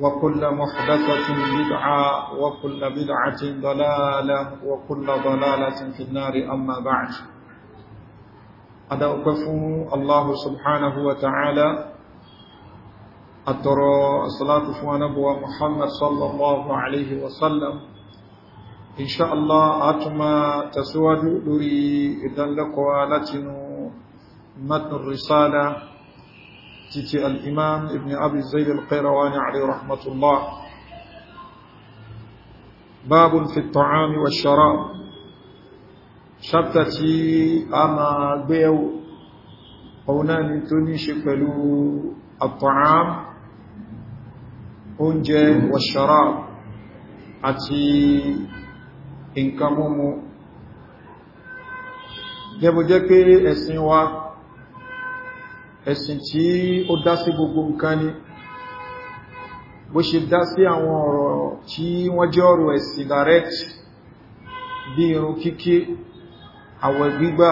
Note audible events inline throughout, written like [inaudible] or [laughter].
وكل محدثة بدعة وكل بدعة ضلالة وكل ضلالة في النار أما بعد أدعوكف الله سبحانه وتعالى أترى الصلاة نبوة محمد صلى الله عليه وسلم إن شاء الله أتما تسواج لري إذن لقوى لتن متن الرسالة تيتي الإمام ابن أبي الزيد القيرواني عليه رحمة الله باب في الطعام والشراب شبتتي أما بيو قونان تنيش فلو الطعام أنجى والشراب أتي إنكمومو جبو جكي اسنوات ẹ̀sìn tí ó dá sí gbogbo nǹkan ni bó ṣe dá sí àwọn ọ̀rọ̀ tí wọ́n jẹ́ ọ̀rọ̀ ẹ̀sìn direct bí irun kíkí àwẹ̀ gbígbà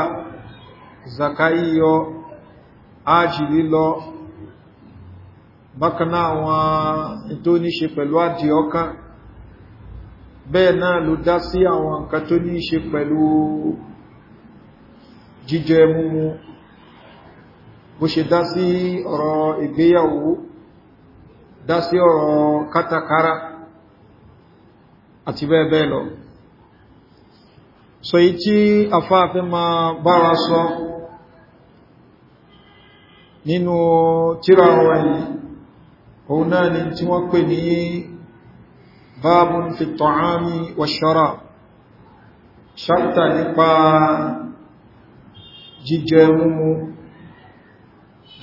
zakaiyo ájì lílọ bákaná àwọn tó ní ṣe pẹ̀lú àdì ọkàn bẹ́ẹ̀ náà ló dá sí àwọn nǹkan tó ní ṣe pẹ̀lú jíjẹ múmu bó ṣe dá sí ọ̀rọ̀ ìgbéyàwó dá sí ọ̀rọ̀ kátàkárá àti bẹ́ẹ̀ lọ so yí tí afáàfẹ́ ma bára sọ nínú tíra wọn yìí òun náà ni tí wọ́n pè ní bábùn fi tọ̀ámi wàṣọ́ra ṣáptà nípa jíjẹ múmú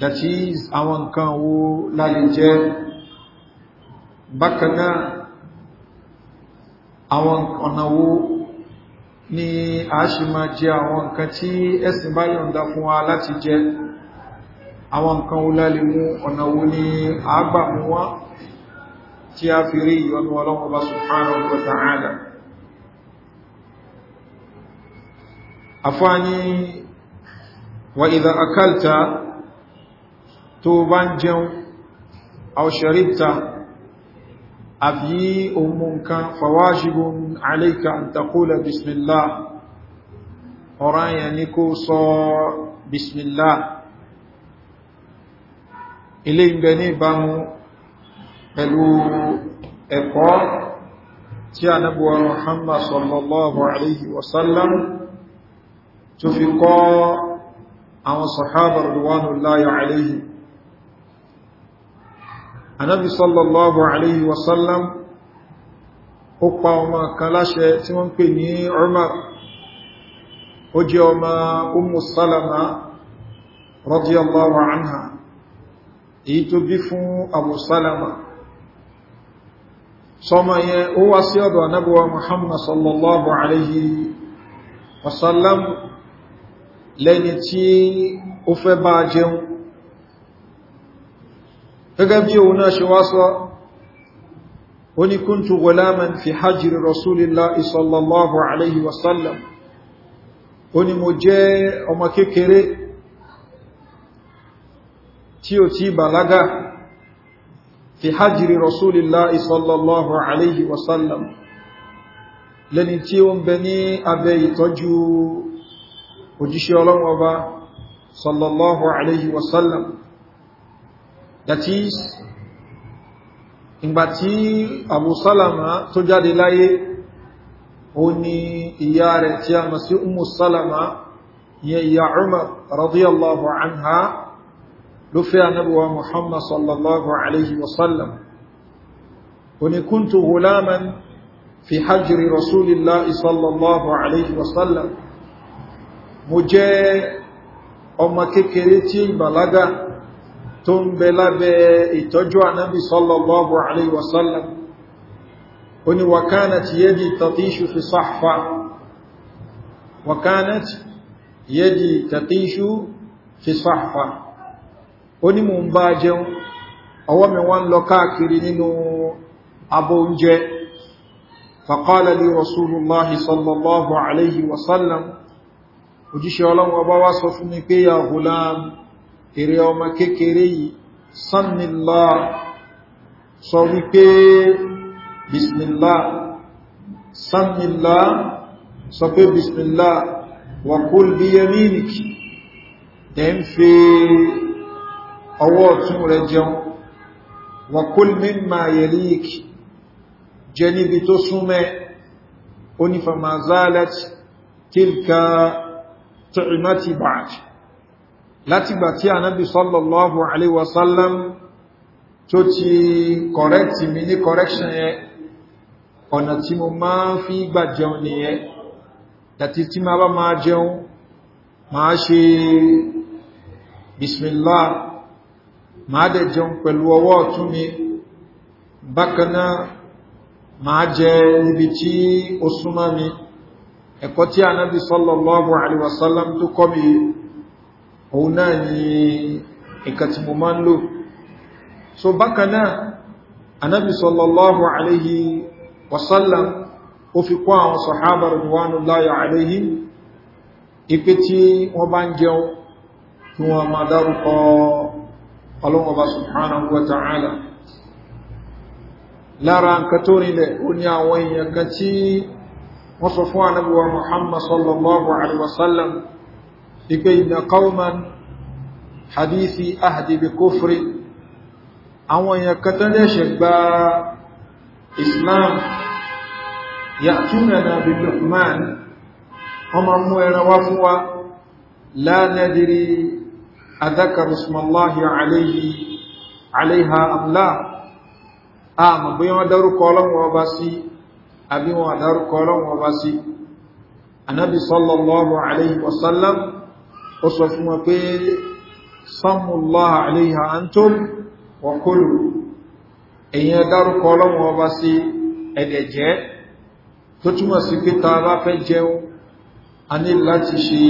that is àwọn nǹkan wo lálẹ́ jẹ́ bákanáà àwọn ọ̀nà wo ni a ṣe máa jẹ àwọn nǹkan tí ẹ̀sìn bá yọ̀nda fún wa láti jẹ àwọn nǹkan wo lálẹ́ mú ọ̀nà wo ni a gbà mú wá tí a fi rí ìyọnu ọlọ́mọba subhanahu wa ta'ala afani wa idha akalta tó bá ń jẹun àwọ̀ṣẹ̀ríta àbí ohun nǹkan fàwáṣígun aléka àtàkólà bismillah ọ̀rányà ní kó sọ bismillah ilé ìgbẹ̀ ní ìbámu pẹ̀lú ẹ̀kọ́ tí a nábúwa Muhammad sallallahu alayhi wasallam tó fi kọ́ àwọn sọ̀hábar ruwanullahi alayhi anábi sallallahu alayhi wasallam ó pa ọmọ kan láṣẹ tí wọ́n pè ní umar ó jẹ́ ọmọ umu salama radiyallahu anha èyí tó bí fún abu salama sọmọ yẹn ó wá sí ọ̀dọ̀ anábíwa muhammad sallallahu alayhi wasallam lẹ́ni tí ó fẹ́ bá jẹun gẹ́gẹ́ bí òun náà ṣe wá sọ ó ní kúntù gulaman fi hajjiri rasulillahi sallallahu alaihi wasallam ó ní mo jẹ́ ọmọ kékeré tí ó ti balaga fi hajjiri rasulillahi sallallahu alaihi wasallam lẹni tí ó ń bẹ ní abẹ ìtọ́jú òjíṣẹ́ ọlọ́wọ́ sallallahu alaihi wasallam that is ìgbà tí Abu Salama tó jáde láyé ó ní ìyá rẹ̀ tí a mọ̀ sí Ummu Salama yẹ ìyá Umar radiyallahu anha ló fẹ́ anábuwa Muhammad sallallahu alaihi wasallam ó ní kuntu hulaman fi hajjiri rasulillah sallallahu alaihi wasallam mo jẹ́ ọmọ kékeré tí ìbàlágà tó ń bẹ lábẹ́ ìtọ́jú ànábì sallallahu alaihi wasallam oni wakanat yadi tatishu fi sahfa wakanat yadi tatishu fi sahfa oni mo ń bá jẹun ọwọ́ mi wọ́n lọ káàkiri nínú abọ́ oúnjẹ faqala li rasulullahi sallallahu alaihi wasallam òjíṣẹ́ ọlọ́run ọba wá sọ fún mi pé ya hulam èrè ọmọ kékeré yìí sánmìlá sọ wípé bismillá sánmìlá sọ pé bismillá wàkúl bí yẹmínìkì ẹ̀ ń fi ọwọ́ ọ̀tún rẹ̀ jẹun wàkúl mímà yẹlíkì jẹ níbi tó súnmẹ́ onífàmàzálẹ́tì tílka tìrìmátì bàájì látìgbà tí anábi sallallahu alaihi wasallam tó ti kọ̀rẹ́kì mi ní correction yẹn ọ̀nà tí mo máa ń fi gbà jẹun nìyẹn dàtí tí ma bá máa jẹun máa ṣe bismillah máa dẹ̀ jẹun pẹ̀lú ọwọ́ ọ̀tún mi bákanáà máa jẹ níbi tí ó súnmọ́ mi ẹ̀kọ́ tí anábi sallallahu alaihi wasallam tó kọ́ mi òun náà ni nǹkan tí mo máa ń lò so bákanáà anábi sallallahu alaihi wasallam ó fi kọ́ àwọn sọ̀hábà radwanullahi alaihi ipé tí wọ́n bá ń jẹun kí wọ́n máa dárúkọ ọlọ́wọ́ba subhanahu wa wọ́n sọ fún anábi muhammad sallallahu alaihi wasallam ipe ìnà kauman hadithi ahdibi kufri àwọn èèyàn katẹ́lẹ́ṣẹ̀ gba islam ya túnana bí lukman wọ́n ma mú ẹran wá fún wa lánàdìrí adákarusmallahi aléha amlá a mọ̀ bí wọ́n dárúkọ ọlọ́wọ́ bá sí àbí wọ́n dárúkọ ọlọ́wọ́ bá sí anábi sallallahu alaihi wasallam ó sọ fún wọn pé sọmúláà àléhà antum wọ́kólù èyàn dárúkọ ọlọ́run ọba sí ẹ̀dẹ̀jẹ́ tó túnmọ̀ sí pé ta bá fẹ́ jẹun a ní láti ṣe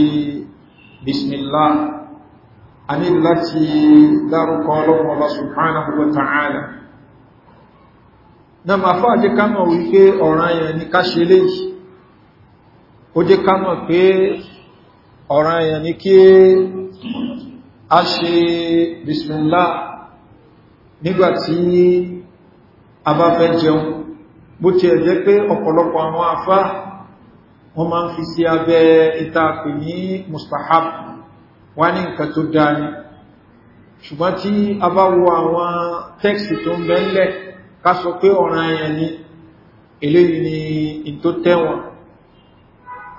bismillá a ní láti dárúkọ ọlọ́run ọba subhanahu wa ta'ala na ma fáà jẹ́ wípé ọ̀ràn yẹn ni ká ṣe léyìí ó jẹ́ ká pé ọ̀ràn èèyàn ní kí a ṣe bismillah nígbàtí a bá fẹ́ jẹun bó ti ẹ̀jẹ́ pé ọ̀pọ̀lọpọ̀ àwọn afá wọ́n máa ń fi sí abẹ́ ìtaàpì ní mustahab wá ní nǹkan tó dáa ni ṣùgbọ́n tí a bá wo àwọn tẹ́ksì tó ń bẹ́ńlẹ̀ ká sọ pé ọ̀ràn èèyàn ni eléyìí ni in tẹ́wọ̀n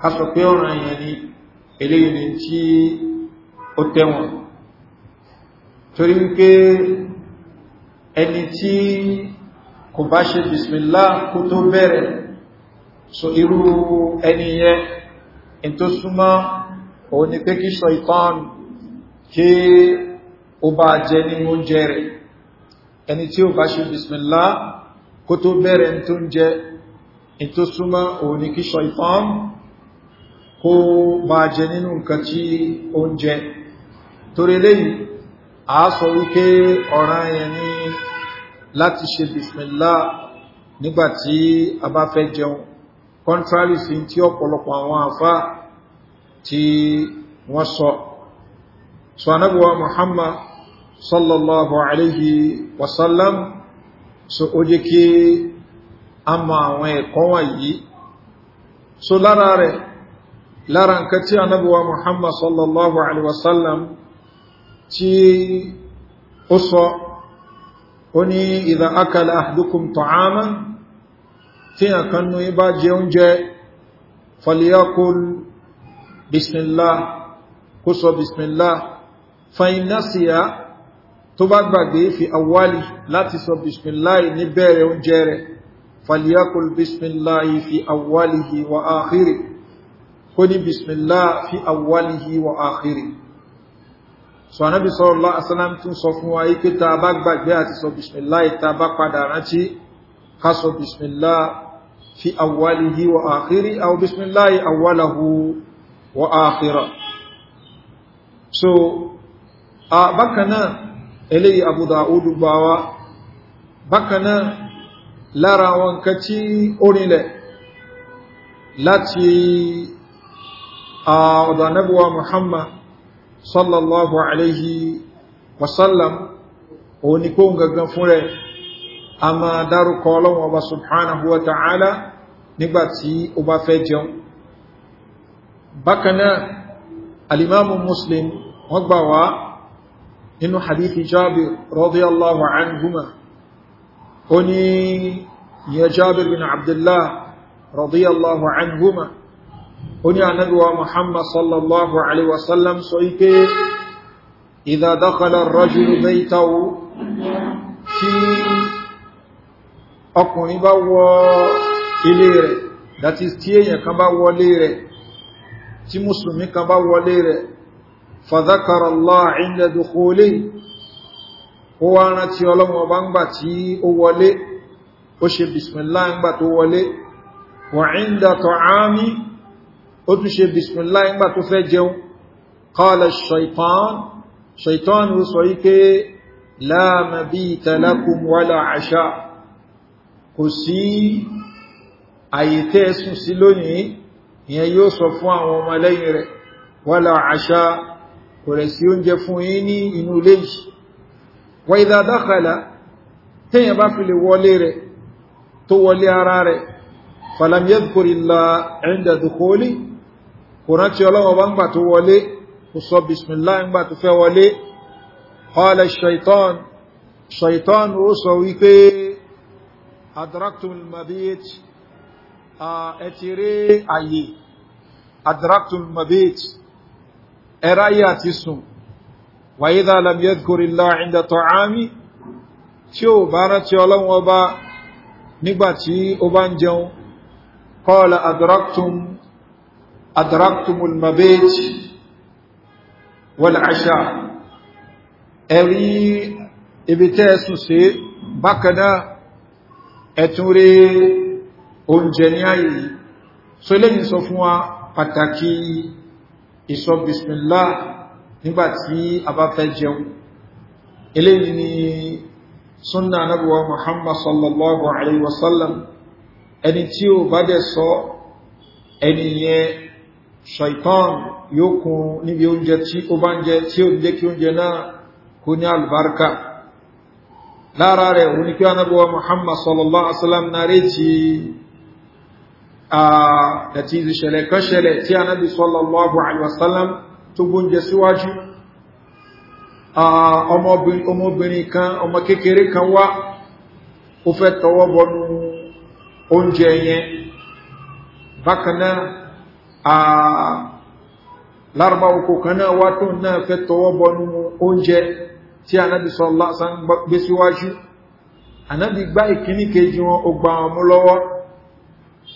ká sọ pé ọ̀ràn èèyàn ni eléyìí ni tí ó tẹ́wọ̀n torí wípé ẹni tí kò bá ṣe bismillah kó tó bẹ̀rẹ̀ so irú ẹni yẹ in tó súnmọ́ òun ni pé kí sọ ìtàn kí ó bá jẹ ní oúnjẹ rẹ̀ ẹni tí ó bá ṣe bismillah kó tó bẹ̀rẹ̀ in tó ń jẹ in òun ni kí sọ ìtàn kó máa jẹ nínú nǹkan tí ó ń jẹ torí léyìn a sọ wípé ọ̀ràn yẹn ni láti ṣe bismillah nígbàtí a bá fẹ́ jẹun contrary sí tí ọ̀pọ̀lọpọ̀ àwọn afá tí wọ́n sọ so anábíwa muhammad sallallahu alaihi wasallam so ó jẹ́ kí a mọ àwọn ẹ̀kọ́ wọ̀nyí so lára rẹ̀ lára nǹkan tí anábíwá muhammad sallallahu alaihi wasallam tí ó sọ ó ní ìdá akala ahdukum ta'aman tí a kanú ibá jẹ oúnjẹ falyakul bismillah kó sọ bismillah fainasiya tó bá gbàgbé fi awali láti sọ bismillah ní bẹ̀rẹ̀ oúnjẹ rẹ̀ falyakul bismillah fi awalihi wa akhirihi kó ní bismillah fi awwalihi wa akhiri so anábi sallallahu alaihi wasallam tún sọ fún wa ipé ta bá gbàgbé àti sọ bismillah ìta bá padà rántí ká sọ bismillah fi awwalihi wa akhiri aw bismillah awwalahu wa akhira so a bakana eléyìí abu da'ud gbawa bakana lára wọn kàtí orinlẹ̀ láti ọ̀dọ̀ anábíwa muhammad sallallahu alaihi wasallam òun ni kó gangan fún rẹ̀ a ma dárúkọ ọlọ́wọ́ ọba subhanahu wa ta'ala nígbàtí ó bá fẹ́ jẹun bákanáà alimamu muslim wọ́n gbà wá nínú hadithi jabir radiyallahu anhuma ó ní jabir bin abdullah radiyallahu anhuma oní anábíwa muhammad sallallahu alaihi wasallam sọ ipé ìdádọ́kọlọ rọ́júlù mẹ́tàwó tí ọkùnrin bá wọ ilé rẹ̀ that is tí èyàn kan bá wọlé rẹ̀ tí musulmi kan bá wọlé rẹ̀ fàzákàràlláà ìndẹ̀dùkúlé ó wá rántí ọlọ́run ọba ń gbà tí ó wọlé ó ṣe bismillah ń gbà tó wọlé wà ń dàtọ̀ ámì ó tún ṣe bismillá ìgbà tó fẹ́ jẹun kọ́lá ṣaitan ṣaitan ló sọ wípé láàmà bí ìtàlákùn wàlá àṣà kò sí àyè tẹ́ sùn sí lónìí ìyẹn yóò sọ fún àwọn ọmọ lẹ́yìn rẹ̀ wàlá àṣà kò rẹ̀ sí oúnjẹ fún yí ní inú ilé kò rántí ọlọ́wọ́ bá ń gbà tó wọlé kò sọ bismillah ń gbà tó fẹ́ wọlé ọlẹ̀ shaitan shaitan ó sọ wípé adraktum mabit ẹtìrí ayé adraktum mabit ẹráyé àti sùn wàyídà lamiyadkurila inda ta'ami tí ó bá rántí ọlọ́wọ́ bá nígbàtí ó bá ń jẹun kọ́ọ̀lẹ̀ adraktum mabit adraktum المبيت والعشاء، wal-asha ẹ̀rí ibi tẹ́ sùn sí bákaná ẹ̀tún rí oúnjẹ ní ààyè so lẹ́yìn sọ fún wa pàtàkì ìsọ bismillah nígbàtí a bá fẹ́ jẹun eléyìn ni súnnà anábíwá muhammad sallallahu alaihi wasallam ẹni tí ó bá dẹ̀ sọ ẹni yẹn ṣaitan yóò kún níbi oúnjẹ tí ó bá ń jẹ tí ó jẹ́ kí oúnjẹ náà kó ní albarka lára rẹ̀ òun ni kí anábọ̀wà muhammad sallallahu alaihi wasallam na retí àti ìṣẹ̀lẹ̀ kan ṣẹlẹ̀ tí anábì sallallahu alaihi wasallam tó gbóúnjẹ síwájú ọmọbìnrin kan ọmọ kékeré kan wá ó fẹ́ tọwọ́ bọnú oúnjẹ yẹn bákanáà lárúbáwò kò kan náà wá tó náà fẹ́ tọwọ́ bọnú oúnjẹ tí anábì sọ lásán gbé síwájú anábì gbá ìkíní kejì wọn ó gba ọmú lọ́wọ́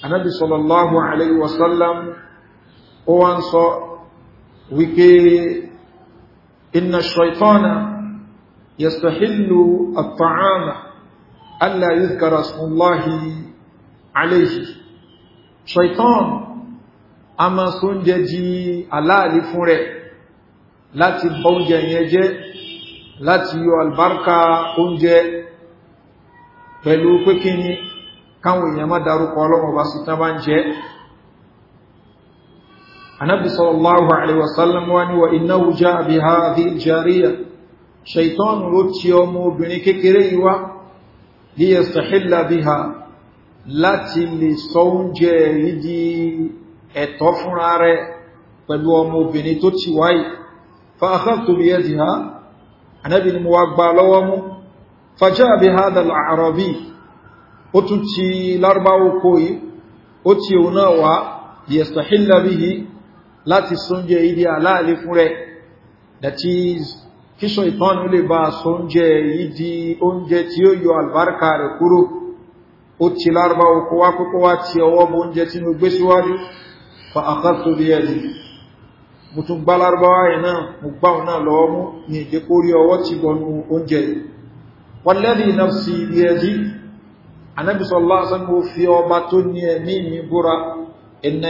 anábì sọlọ́láhù alayhi wasallam ó wá ń sọ inna shaitana yastahillu at-ta'ama alla yuzkara smullahi alayhi shaitan a ma só ń jẹ jí aláàlì fún rẹ̀ láti bọ́ oúnjẹ yẹn jẹ́ láti yọ albarka oúnjẹ pẹ̀lú pé kí ni káwọn èèyàn má darúkọ ọlọ́mọ bá sí tán bá ń jẹ́ anábi sallallahu alaihi wasallam iná wujá bí ha àti jariya ṣaitọ́nù ló ti ọmọ obìnrin kékeré ìwá liyastahilla bí ha láti lè sọ oúnjẹ rí ẹ̀tọ́ fúnra rẹ̀ pẹ̀lú ọmọ obìnrin tó ti wáyé fa'akọ́tò bí ẹ̀dì ha anábi ni mo wá gba lọ́wọ́ mú fàjá àbí ha dà àrọ̀bí ó tún ti lárúbáwó kó yí ó ti òun náà wá di ẹ̀sọ̀hílàbíhì láti sóúnjẹ ìdí aláàlé fún rẹ̀ that ti lárúbáwó kó wá pípọ́ wá ti ọwọ́ bóúnjẹ tí mo gbé síwájú fa àkàtò bí ẹ̀dì mo tún gbá lárúbáwá yìí náà mo gbá òun náà lọ́wọ́ mú ní ìjẹ́ kó rí ọwọ́ ti bọnu oúnjẹ yìí wọ́n lẹ́bí iná sí ibi ẹ̀dì anábìsọ̀ lásán mo fi ọba tó ní ẹ̀mí mi búra ẹ̀nà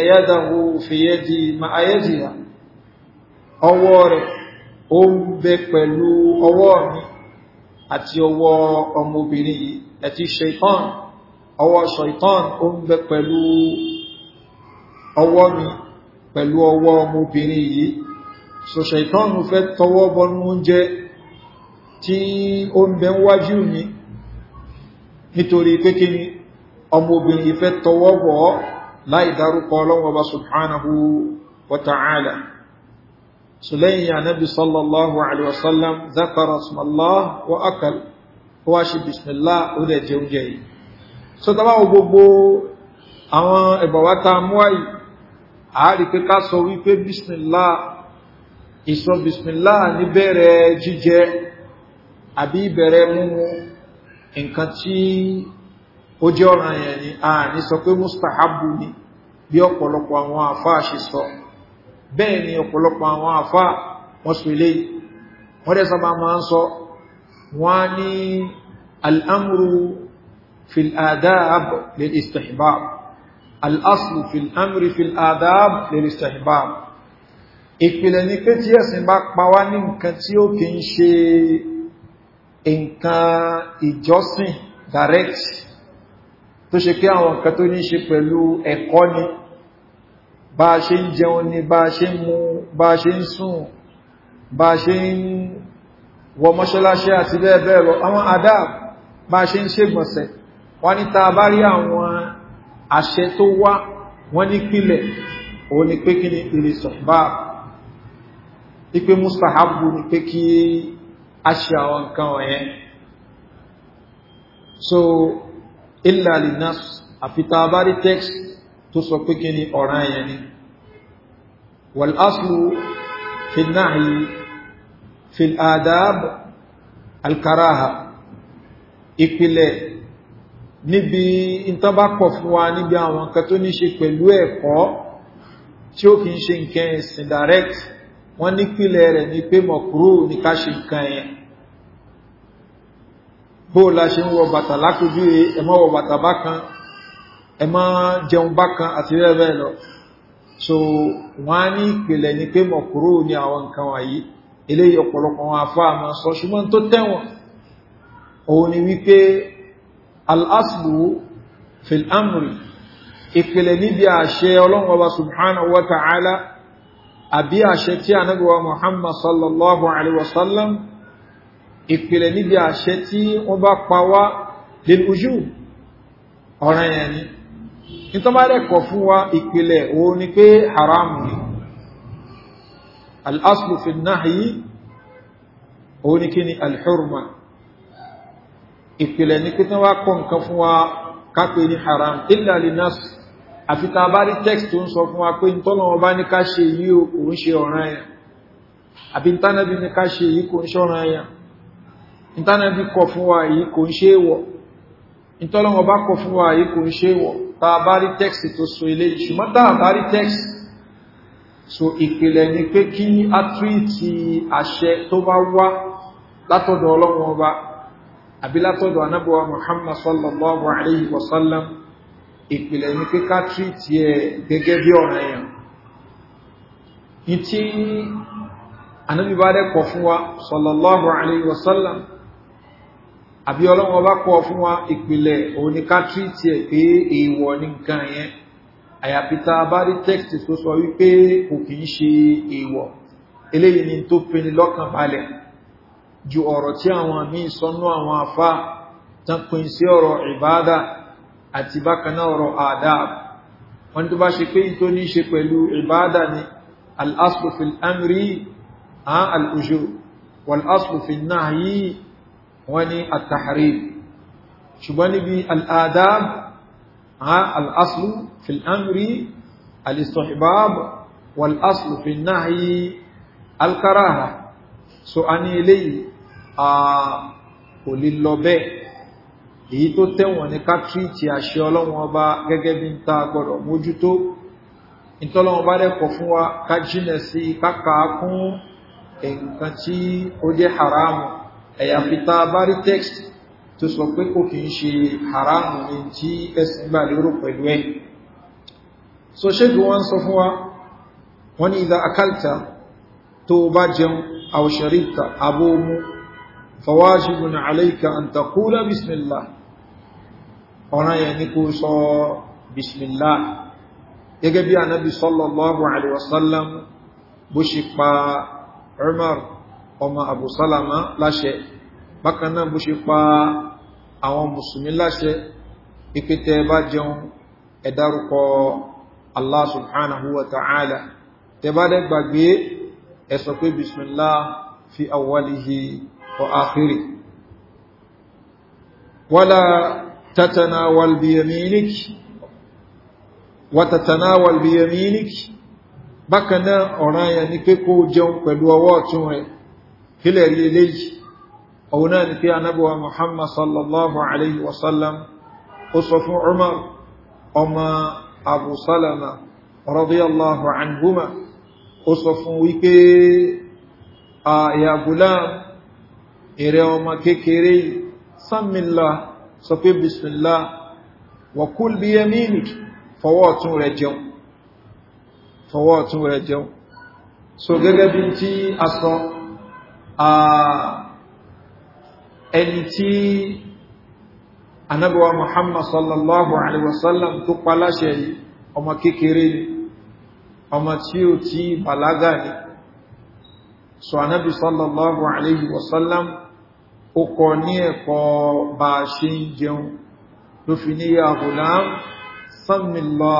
ọwọ́ mi pẹ̀lú ọwọ́ ọmọbìnrin yìí so ṣaitọ́nù fẹ́ tọwọ́ bọnú oúnjẹ tí ó ń bẹ wájú mi nítorí pé kí ni ọmọbìnrin yìí fẹ́ tọwọ́ bọ̀ láì dárúkọ ọlọ́wọ́ bá subhanahu wa ta'ala so lẹ́yìn anábi sallallahu alaihi wasallam zakara smallah àwọn ẹ̀bọ̀wátà mú wáyìí àárí pé ká sọ wípé bísmìlá ìsọ bísmìlá ní bẹ̀rẹ̀ jíjẹ àbí ìbẹ̀rẹ̀ múmu nǹkan tí ó jẹ́ ọ̀ràn yẹn ni a ní sọ pé mustahabu ni bí ọ̀pọ̀lọpọ̀ àwọn àfáà ṣe sọ bẹ́ẹ̀ ni ọ̀pọ̀lọpọ̀ àwọn àfáà wọ́n sọ ilé wọ́n dẹ̀ sábà máa ń sọ wọ́n ní al'amuru fil adab lil istihbab al'aslu في amri في adab lil-istihbab ìpìlẹ̀ ni pé tí ẹ̀sìn bá pa wá ní nǹkan tí ó kì ń ṣe nǹkan ìjọsìn direct tó ṣe pé àwọn nǹkan tó ní ṣe pẹ̀lú ẹ̀kọ́ ni bá ṣe ń jẹun ni bá ṣe ń mu bá ṣe ń sùn bá ṣe ń wọ mọ́ṣáláṣí àti bẹ́ẹ̀ bẹ́ẹ̀ lọ àwọn àṣẹ tó wá wọ́n ní pílẹ̀ òun ni pé kí ni ìrìsọ̀ bá ipé mustahabu ni pé kí a ṣe àwọn nǹkan ọ̀yẹn so illa linnas àfità bá rí text tó sọ pé kí ni ọ̀ràn yẹn ni wal aslu fi nahyi adab al ìpìlẹ̀ níbi ìtọ́bápọ̀ fún wa níbi àwọn nǹkan tó ní ṣe pẹ̀lú ẹ̀kọ́ tí ó kìí ṣe nǹkan ẹ̀sìn direct wọ́n nípìlẹ̀ rẹ̀ ní pé mọ̀kúrò ní ká ṣe nǹkan yẹn bó la ṣe ń wọ bàtà lákòójú ẹmọ́ wọ bàtà bákan ẹmọ́ jẹun bákan àti rẹ́rẹ́ lọ so wọ́n ní ìpìlẹ̀ ní pé mọ̀kúrò ní àwọn nǹkan wáyé eléyìí ọ̀pọ̀lọpọ̀ wọn àfọ́ àmọ́ sọ ṣùgbọ́n tó tẹ̀wọ̀n òun ni wípé al'aslu fil amri ìpìlẹ̀ níbi àṣẹ ọlọ́run ọba subhanahu wa ta'ala àbí àṣẹ tí a nágbàwà muhammad sallallahu alaihi wasallam ìpìlẹ̀ níbi àṣẹ tí wọ́n bá pàwá lil ojú ọ̀ràn yẹn ni ìtọ́bárẹ̀kọ̀ fún wa ìpìlẹ̀ o ni pé ìpìlẹ̀ ní pín tán kọ nǹkan fún wa kápẹ haram illa linnas àfi ta bá rí text tó ń sọ fún wa pé ọba ní ká ṣe yí kò ń ṣe ọ̀ràn ẹ̀yà àbí ìtànàbí ní ká ṣe yí kò ń ṣe kọ fún wa yí kò ń ṣe ọba kọ fún wa yí kò ń ṣe ta bá rí text tó so ilé ṣùgbọ́n ta bá so ìpìlẹ̀ ni pé kí àṣẹ tó bá wá àbí látọ̀dọ̀ anábọ̀wà Muhammad sallallahu alayhi wa sallam ìpìlẹ̀ ní pé ká tírìtì ẹ̀ gẹ́gẹ́ bí ọ̀rọ̀ èèyàn ìtí anábì bá dẹ̀ pọ̀ fún wa sallallahu alayhi wa sallam àbí ọlọ́wọ́ bá pọ̀ fún wa ìpìlẹ̀ òun ni ká tírìtì ẹ̀ pé èèwọ̀ ní nǹkan yẹn àyàpítà bá rí tó sọ wípé kò kìí ṣe èèwọ̀ eléyìí ni tó pinni lọ́kàn balẹ̀ ju ọ̀rọ̀ tí àwọn míì sọ́nú àwọn afá tán pín sí ọ̀rọ̀ ìbádà àti bákaná ọ̀rọ̀ àdáàb wọ́n tó bá ṣe pé tó ní ṣe pẹ̀lú ìbádà ni al'asufin amri an al'ujo wal'asufin náà yí wọ́n ni àtàrí so a ní eléyìí a kò lè lọ bẹ́ẹ̀ èyí tó tẹ̀wọ̀n ní ká tírìtì àṣẹ ọlọ́run ọba gẹ́gẹ́ bí ń ta gbọ́dọ̀ mójútó ìtọ́lọ́run bá lẹ́kọ̀ọ́ fún wa ká jìnà sí káka kún nǹkan tí ó jẹ́ haramu ẹ̀yàfita bari text tó sọ pé kò kí ń ṣe haramu ní tí ẹsìn gbà lérò pẹ̀lú ẹ̀ so ṣégun wọn sọ fún wa wọn ni ìdá akálta tó bá jẹun àwòṣẹ̀ríta abóomu فواجب عليك أن تقول بسم الله أنا ينكو صو بسم الله يجب النبي صلى الله عليه وسلم بشفا عمر وما أبو سلمة لا شيء بكنا بشفا أو مسلمين لا شيء إكتابا جون إداركو الله سبحانه وتعالى تبارك بقى أسوكي بسم الله في أوله وآخره ولا تتناول بيمينك وتتناول بيمينك bákan náà ọ̀ràn yẹn ni pé kó jẹun pẹ̀lú ọwọ́ ọ̀tún rẹ̀ kílẹ̀ rí eléyìí ọ̀hun náà ni pé anábọ̀wà muhammad sallallahu alayhi wasallam ó sọ fún umar ọmọ abu salama radiyallahu anhuma ó sọ fún wípé a ya gulam èrè ọmọ kékeré sánmìlá sọ pé bisimilá wọ̀kúl bí yẹmínì fọwọ́ ọ̀tún rẹ̀ jẹun fọwọ́ ọ̀tún rẹ̀ jẹun so gẹ́gẹ́ bí tí a sọ ẹni tí anábíwá muhammad sallallahu alaihi wasallam tó paláṣẹ yìí ọmọ kékeré ọmọ tí ó ti bàlágà ni so anábí sallallahu alaihi wasallam ó kọ ní ẹ̀kọ́ bá ṣe ń jẹun ló fi ní àhùlá sánmìlá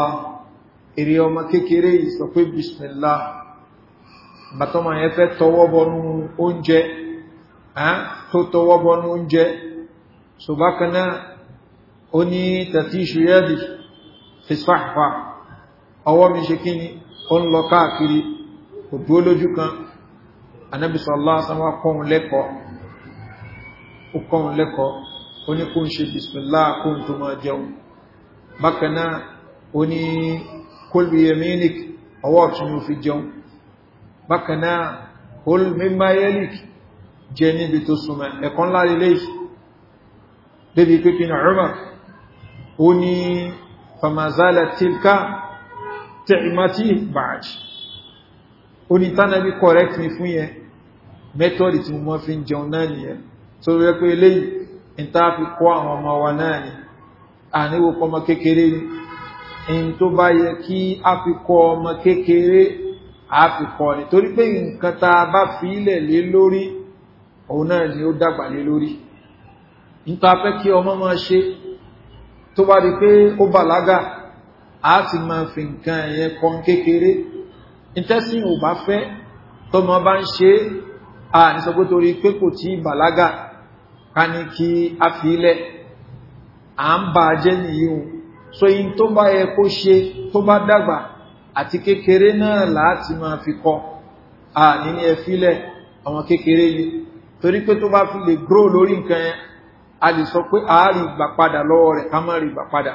èrè ọmọ kékeré ìsọ pé bismillá bàtọ́mà yẹn fẹ́ tọwọ́bọnú oúnjẹ tó tọwọ́bọnú oúnjẹ ṣùgbákaná ó ní tàtí ṣúyẹ́dì fi sáfà ọwọ́ mi ṣe kí ni ó ń lọ káàkiri òdúó lójú kan anábìsọ̀ aláàsánwà kọ́hùn ó kọ́un lẹ́kọ̀ọ́ ó ní kó ń ṣe bismillah kó ń tó máa jẹun bákan náà ó ní kul bi yaminik ọwọ́ ọ̀tún ó fi jẹun bákan náà kul mimma yalik jẹ níbi tó súnmọ́ ẹ̀kọ́ ńlá ilé débi pípin Umar ó ní famazala tilka tẹ̀ìmátí bàájì ó tánàbí correct mi fún yẹn mẹ́tọ́dì tí mo mọ́ fi jẹun náà nìyẹn tó yẹ pé eléyìí níta fi kọ́ àwọn ọmọ wa náà ni àníwò kọ́ ọmọ kékeré ni in tó bá yẹ kí a fi kọ́ ọmọ kékeré a fi kọ́ ni torí pé nǹkan tá a bá fi ilẹ̀ lé lórí òun náà ni ó dàgbà lé lórí níta fẹ́ kí ọmọ máa ṣe tó bá di pé ó bàlágà a sì máa fi nǹkan ẹ̀yẹn kọ́ kékeré ìtẹ́sìn ò bá fẹ́ tọmọ bá ń ṣe é a ní sọ pé torí pé kò tí bàlágà ká ní kí a fi ilẹ̀ o so yín tó bá yẹ kó ṣe tó bá dàgbà àti kékeré náà láti máa fi kọ́ a níní ẹ fílẹ̀ ọmọ kékeré yìí torí pé tó bá fi lè grow lórí nǹkan yẹn a lè sọ pé àárí ìgbà padà lọ́wọ́ rẹ̀ ká má rí ìgbà padà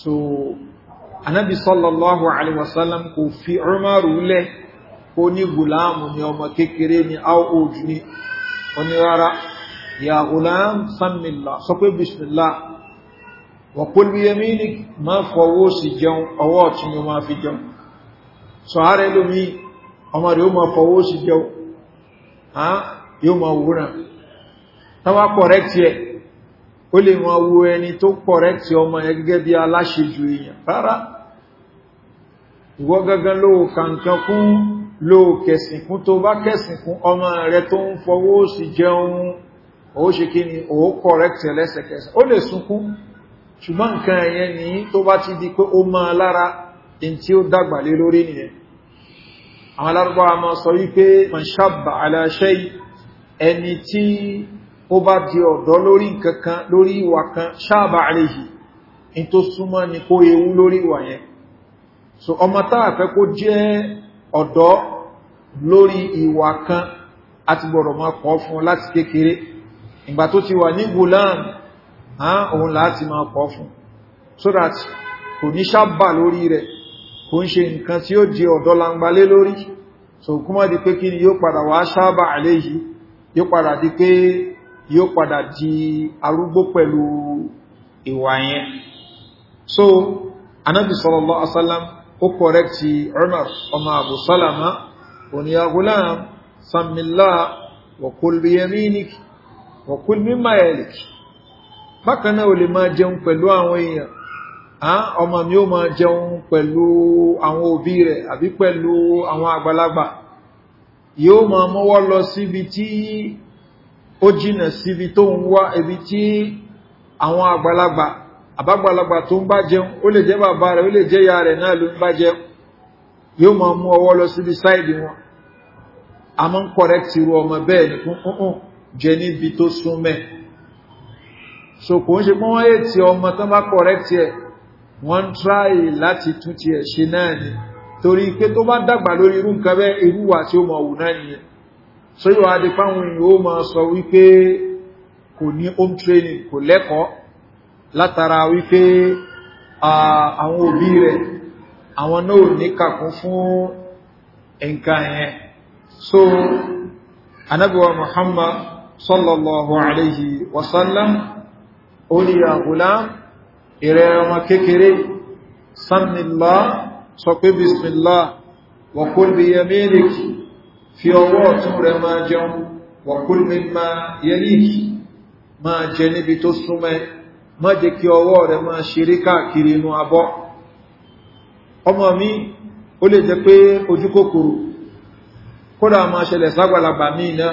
so anabi sallallahu alaihi wasallam kò fi umaru lẹ̀ kó ní gùlámù ni ọmọ kékeré ni a ó jù ní onírárá ya gulam sánmìlá sọ pé bismillá wà kó bí yẹmí ní máa fọwọ́ sí jẹun ọwọ́ ọ̀tún yóò máa fi jẹun sọ ààrẹ lómi ọmọ rẹ̀ yóò máa fọwọ́ sí jẹun yóò máa wúra tánwà kọ̀rẹ́kì ẹ̀ ó lè máa wo ẹni tó kọ̀rẹ́kì ọmọ ẹ gẹ́gẹ́ bí aláṣejù èèyàn rárá ó ṣe kí ni ó kọ̀rẹ́kì ẹlẹ́sẹ̀kẹsẹ̀ ó lè sunkún ṣùgbọ́n nǹkan ẹ̀yẹn ní tó bá ti di pé ó mọ́ lára in tí ó dàgbà lé lórí nìyẹn àwọn alárúgbà ma sọ wípé mọ̀ṣàbà aláṣẹ́ ẹni tí ó bá di ọ̀dọ́ lórí nǹkankan lórí ìwà kan ṣàbà àlèyìí in tó súnmọ́ ni kó ewu lórí ìwà yẹn so ọmọ táà fẹ́ kó jẹ́ ọ̀dọ́ lórí ìwà kan àti gbọ̀rọ̀ mọ́ kọ́ fún láti kékeré ìgbà tó ti wà ní gulam òun láti máa pọ̀ fún so that kò ní ṣábà lórí rẹ̀ kò ń ṣe nǹkan tí ó jẹ ọ̀dọ́ langbalé lórí so kúmọ́ di pé kí ni yóò padà wá ṣábà àlé yìí yóò padà di pé yóò padà di arúgbó pẹ̀lú ìwà yẹn so anábi sallallahu asalam ó kọ̀rẹ́kì umar ọmọ abu salama oníyàgúlám sammillah wa ọ̀kú ní máìlì bákan náà o lè máa jẹun pẹ̀lú àwọn èèyàn ọmọ mi ó máa jẹun pẹ̀lú àwọn òbí rẹ̀ àbí pẹ̀lú àwọn àgbàlagbà yóò máa mọ́wọ́ lọ síbi tí ó jìnà síbi tó ń wá ibi tí àwọn àgbàlagbà àbágbàlagbà tó ń bá jẹun ó lè jẹ́ bàbá rẹ̀ ó lè jẹ́ ìyá rẹ̀ náà ló ń bá jẹun yóò máa mú ọwọ́ lọ síbi sáìdì wọn a máa ń kọ̀rẹ́kì irú ọmọ bẹ́ẹ̀ ní kúnkún jẹ níbi tó súnmẹ́ so kò ń ṣe pọ́n wọ́n ètì ọmọ tán bá kọ̀rẹ́tì ẹ̀ wọ́n ń tráì láti tún ti ẹ̀ ṣe náà ni torí pé tó bá dàgbà lórí irú nǹkan bẹ́ irúwà tí ó mọ̀ wù náà nìyẹn so yóò adé páwọn èèyàn ó máa sọ wípé kò ní home training kò lẹ́kọ̀ọ́ látara wípé àwọn òbí rẹ̀ àwọn náà ní kàkún fún nǹkan yẹn so anábíwa muhammad sallallahu alayhi wa sallam orí àgùlá ìrẹ ọmọ kékeré sannilá sọ pé bismillá wàkúlbi yaminik fi ọwọ́ ọ̀tún rẹ máa jẹun wàkúlbi ma yẹlíkì máa jẹ níbi tó súnmẹ́ má jẹ kí ọwọ́ rẹ máa ṣeré káàkiri inú abọ́ ọmọ mi ó lè jẹ pé ojú kòkòrò kódà máa ṣẹlẹ̀ ságbàlagbà míì náà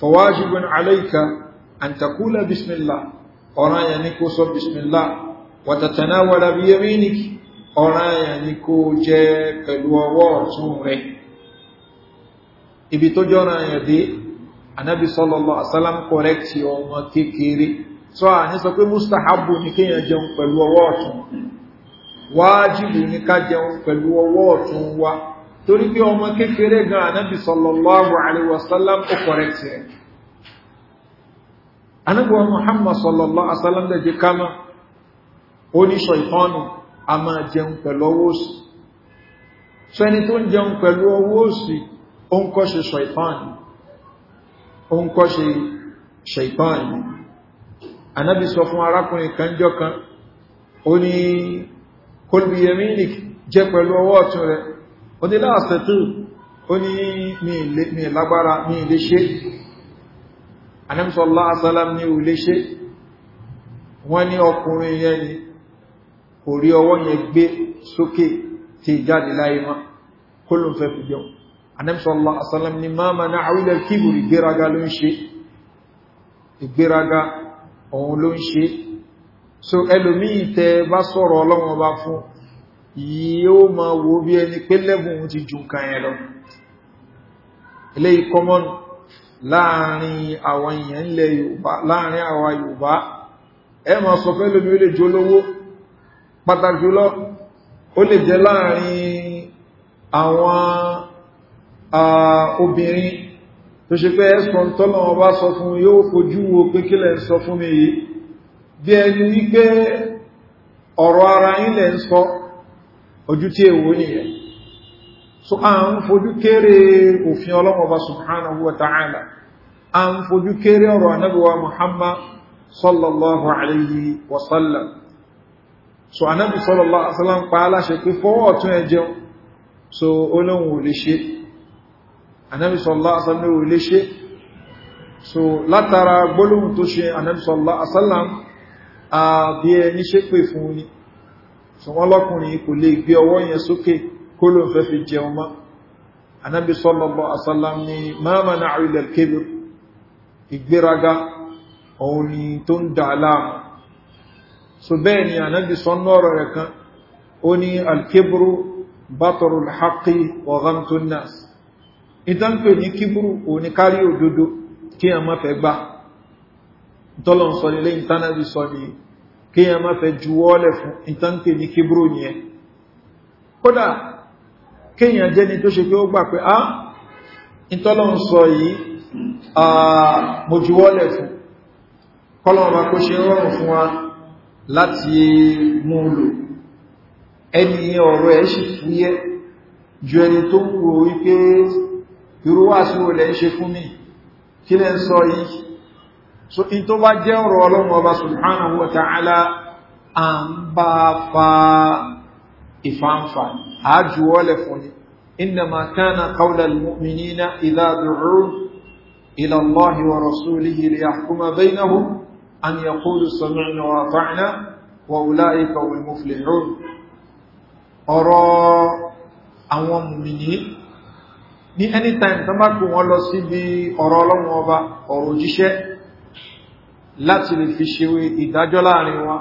فواجب عليك أن تقول بسم الله، yà ní kó sọ bismillah wàtàtàná wàrà bí yẹmí ní ọ̀ràn yà ní kó jẹ pẹ̀lú ọwọ́ ọ̀tún rẹ̀ ibi tó jọ́ra yà dé anábi sọ́lọ́lọ́ asálám kọrẹ́kì ọmọ kékeré sọ à ní sọ pé mustahabu ní kéèyàn jẹun pẹ̀lú ọwọ́ ọ̀tún wájìbù ní ká jẹun pẹ̀lú ọwọ́ ọ̀tún wa torí pé ọmọ kékeré gan anábì sallallahu alaihi wasallam ó kọ̀rẹ́tì rẹ̀ anábì wa muhammad sallallahu alaihi wasallam dẹ̀jẹ̀ kama ó ní sọ ìfọ́nù a máa jẹun pẹ̀lú ọwọ́ òsì so ẹni tó ń jẹun pẹ̀lú ọwọ́ òsì ó ń kọ́ṣe sọ ìfọ́nù ó pẹ̀lú ọwọ́ ọ̀tún rẹ̀ ó ní láàṣẹ̀tù ó ní mi lágbára ní ilé ṣe anẹ́mùsọ́lá asálám ní ilé ṣe wọ́n ní ọkùnrin yẹn ni kò rí ọwọ́ yẹn gbé sókè ti jáde láyé mọ́ kó ló ń fẹ́ fi jẹun anẹ́mùsọ́lá asálám ní máa ma náà àwílẹ̀ kíbùrù ìgbéraga ló ń ṣe ìgbéraga òun ló ń ṣe so ẹlòmíì tẹ bá sọ̀rọ̀ ọlọ́run ọba fún yóò ma wo bí ẹni pé lẹ́bùn ti jù nǹkan yẹn lọ ilé ìkọmọ́n láàrin àwọn èèyàn ilẹ̀ yorùbá láàrin àwọn yorùbá ẹ ma sọ fẹ́ lómi ó lè jẹ́ olówó pàtàkì jùlọ ó lè jẹ́ láàrin àwọn obìnrin tó ṣe pé ẹ̀sùn tọ́lọ̀ ọba sọ fún yóò fojú wo pé kílẹ̀ sọ fún mi yìí bí ẹni wípé ọ̀rọ̀ ara yín lẹ́ sọ ojú tí èwo nìyẹn so a ń fojú kéré òfin ọlọ́mọba subhanahu wa ta'ala a ń fojú kéré ọ̀rọ̀ anábíwa muhammad sallallahu alayhi wa sallam so anábí sallallahu alayhi wa sallam pa aláṣẹ pé fọwọ́ ọ̀tún ẹ so olóhun ò lè ṣe anábí sallallahu alayhi wa sallam so látara gbólóhun tó ṣe anábí sallallahu alayhi wa sallam a bí ẹni ṣe pè fún ni ṣùgbọ́n lọ́kùnrin kò lè gbé ọwọ́ yẹn sókè kó ló fẹ́ fi jẹun mọ́ anábi sọ́lọ́lọ́ asálám ni máàmà náà ilẹ̀ kébìr ìgbéraga òun ni tó ń dà láàmù so bẹ́ẹ̀ ni anábi sọ́nọ́rọ̀ rẹ̀ kan ó ní alkébìrú bátọrù haqqi ọ̀gán tó nas ìtàn sọ nílé ìtànàbí sọ ni kí ẹ má fẹ́ juwọ́lẹ̀ fún ìtànkè ní kíbrò ní ẹ kódà kíyàn jẹ́ ni tó ṣe pé ó gbà pé á ah, ìtọ́lọ̀ ń sọ yìí mo juwọ́lẹ̀ fún kọlọ̀ọ̀bá kó ṣe rọrùn fún wa láti mú lò ẹni ọ̀rọ̀ ẹ̀ sì fúyẹ́ ju ẹni tó ń wo wípé irúwàsíwò lẹ́ ń ṣe fún mi kí lẹ́ ń sọ yìí so in tó bá jẹ́ ọ̀rọ̀ ọlọ́run ọba subhanahu wa ta'ala a ń bá fa ìfàǹfà àájú ọlẹ̀ fún ni innama kana qawla al-mu'minina idha du'u ila Allah wa rasulihi li yahkuma bainahum an yaqulu sami'na wa ata'na wa ulaika wal muflihun ọ̀rọ̀ àwọn mùmìnì ní anytime tó bá kù wọn lọ síbi ọ̀rọ̀ ọlọ́run ọba ọ̀rọ̀ òjíṣẹ́ láti lè fi ṣewé ìdájọ́ láàrin wọn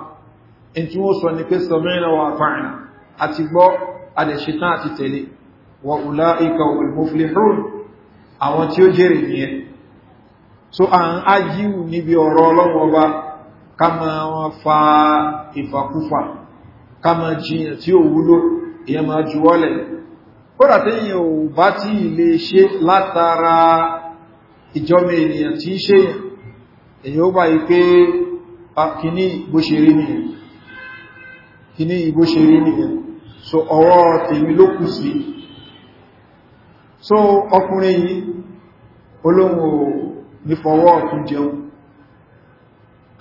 in tí wọ́n sọ ní pé sọmọ́rìnà wà fàáìnà àti gbọ́ adẹ̀ṣetán àti tẹ̀lé wà ùlá ikọ̀ olùmọ́filẹ̀hún àwọn tí ó jẹ́rẹ̀ ní so a ń ájíwù níbi ọ̀rọ̀ ọlọ́wọ́ ọba ká ma wọn fa ìfàkúfà ká ma jiyàn tí ó wúlò ìyẹn ma ju wọ́lẹ̀ kódà tẹ́yìn ènìyàn tí ń ṣe yàn èyí ó bá yí pé kìní ìgbóṣeré ní ẹ̀ kìní ìgbóṣeré ní ẹ̀ so ọwọ́ tèmi ló kù sí so ọkùnrin yìí olóhun ní fọwọ́ ọ̀tún jẹun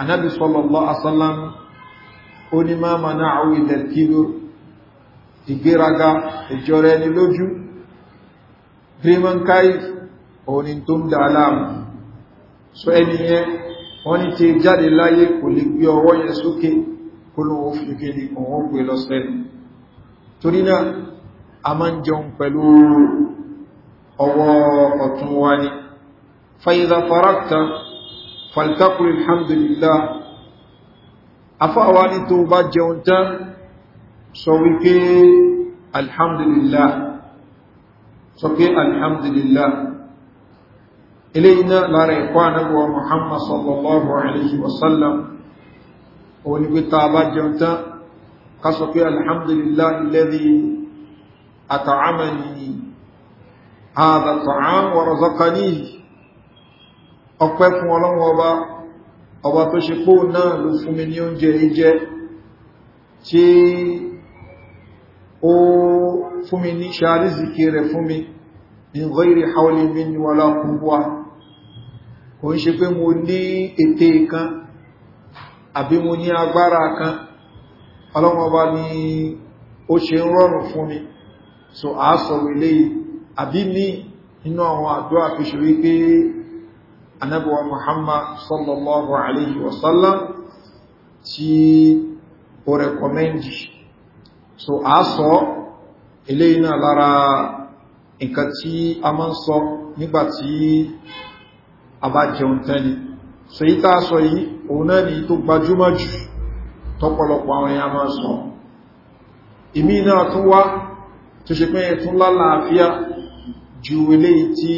anábi sọlọ̀lọ́ asọ́lám ó ní máa ma náà àwọn ilẹ̀ kílò ìgbéraga ìjọra ẹni lójú grimman kai òní tó ń dà aláàmù so ẹni yẹn wọ́n ní ti jáde láyé kò lè gbé ọwọ́ yẹn sókè kó ló wọ́n fi kéde ọwọ́ gbé lọ sẹ́nu torí náà a máa ń jẹun pẹ̀lú ọwọ́ ọ̀tún wa ni fàyíza farakta faltakul alhamdulillah afáwa ní tó bá jẹun tán sọ wípé alhamdulillah sọ pé alhamdulillah eléyìnà lára ẹ̀kọ́ ànábọ̀wà muhammad sallallahu alayhi wasallam òun ni pé ta bá jẹun tán kásọ pé alhamdulillah alladhi at'amani hadha at'am wa razaqani ọpẹ́ fún ọlọ́wọ́ ọba ọba tó ṣe pó náà ló fún mi ní oúnjẹ ìjẹ tí ó fún mi ní ṣàrízìkì rẹ̀ fún mi ní ghairi hawli minni wala quwwa kò ń ṣe pé mo ní ète kan àbí mo ní agbára kan ọlọ́mọba ni ó ṣe ń rọrùn fún mi so a sọ̀rọ̀ ilé àbí mi inú àwọn àdúrà fi wípé anábọ̀wà muhammad sallallahu alayhi wasallam tí ó rẹ̀kọ́mẹ́ndì so a sọ ilé iná lára nǹkan tí a máa ń sọ nígbàtí àbá jẹun tẹ́ni so yí tá sọ yí òun náà ni tó gbajúmọ̀ jù tọ́pọ̀lọpọ̀ àwọn èèyàn máa sọ ìmí náà tún wá tó ṣe pé tún lálàáfíà ju ilé tí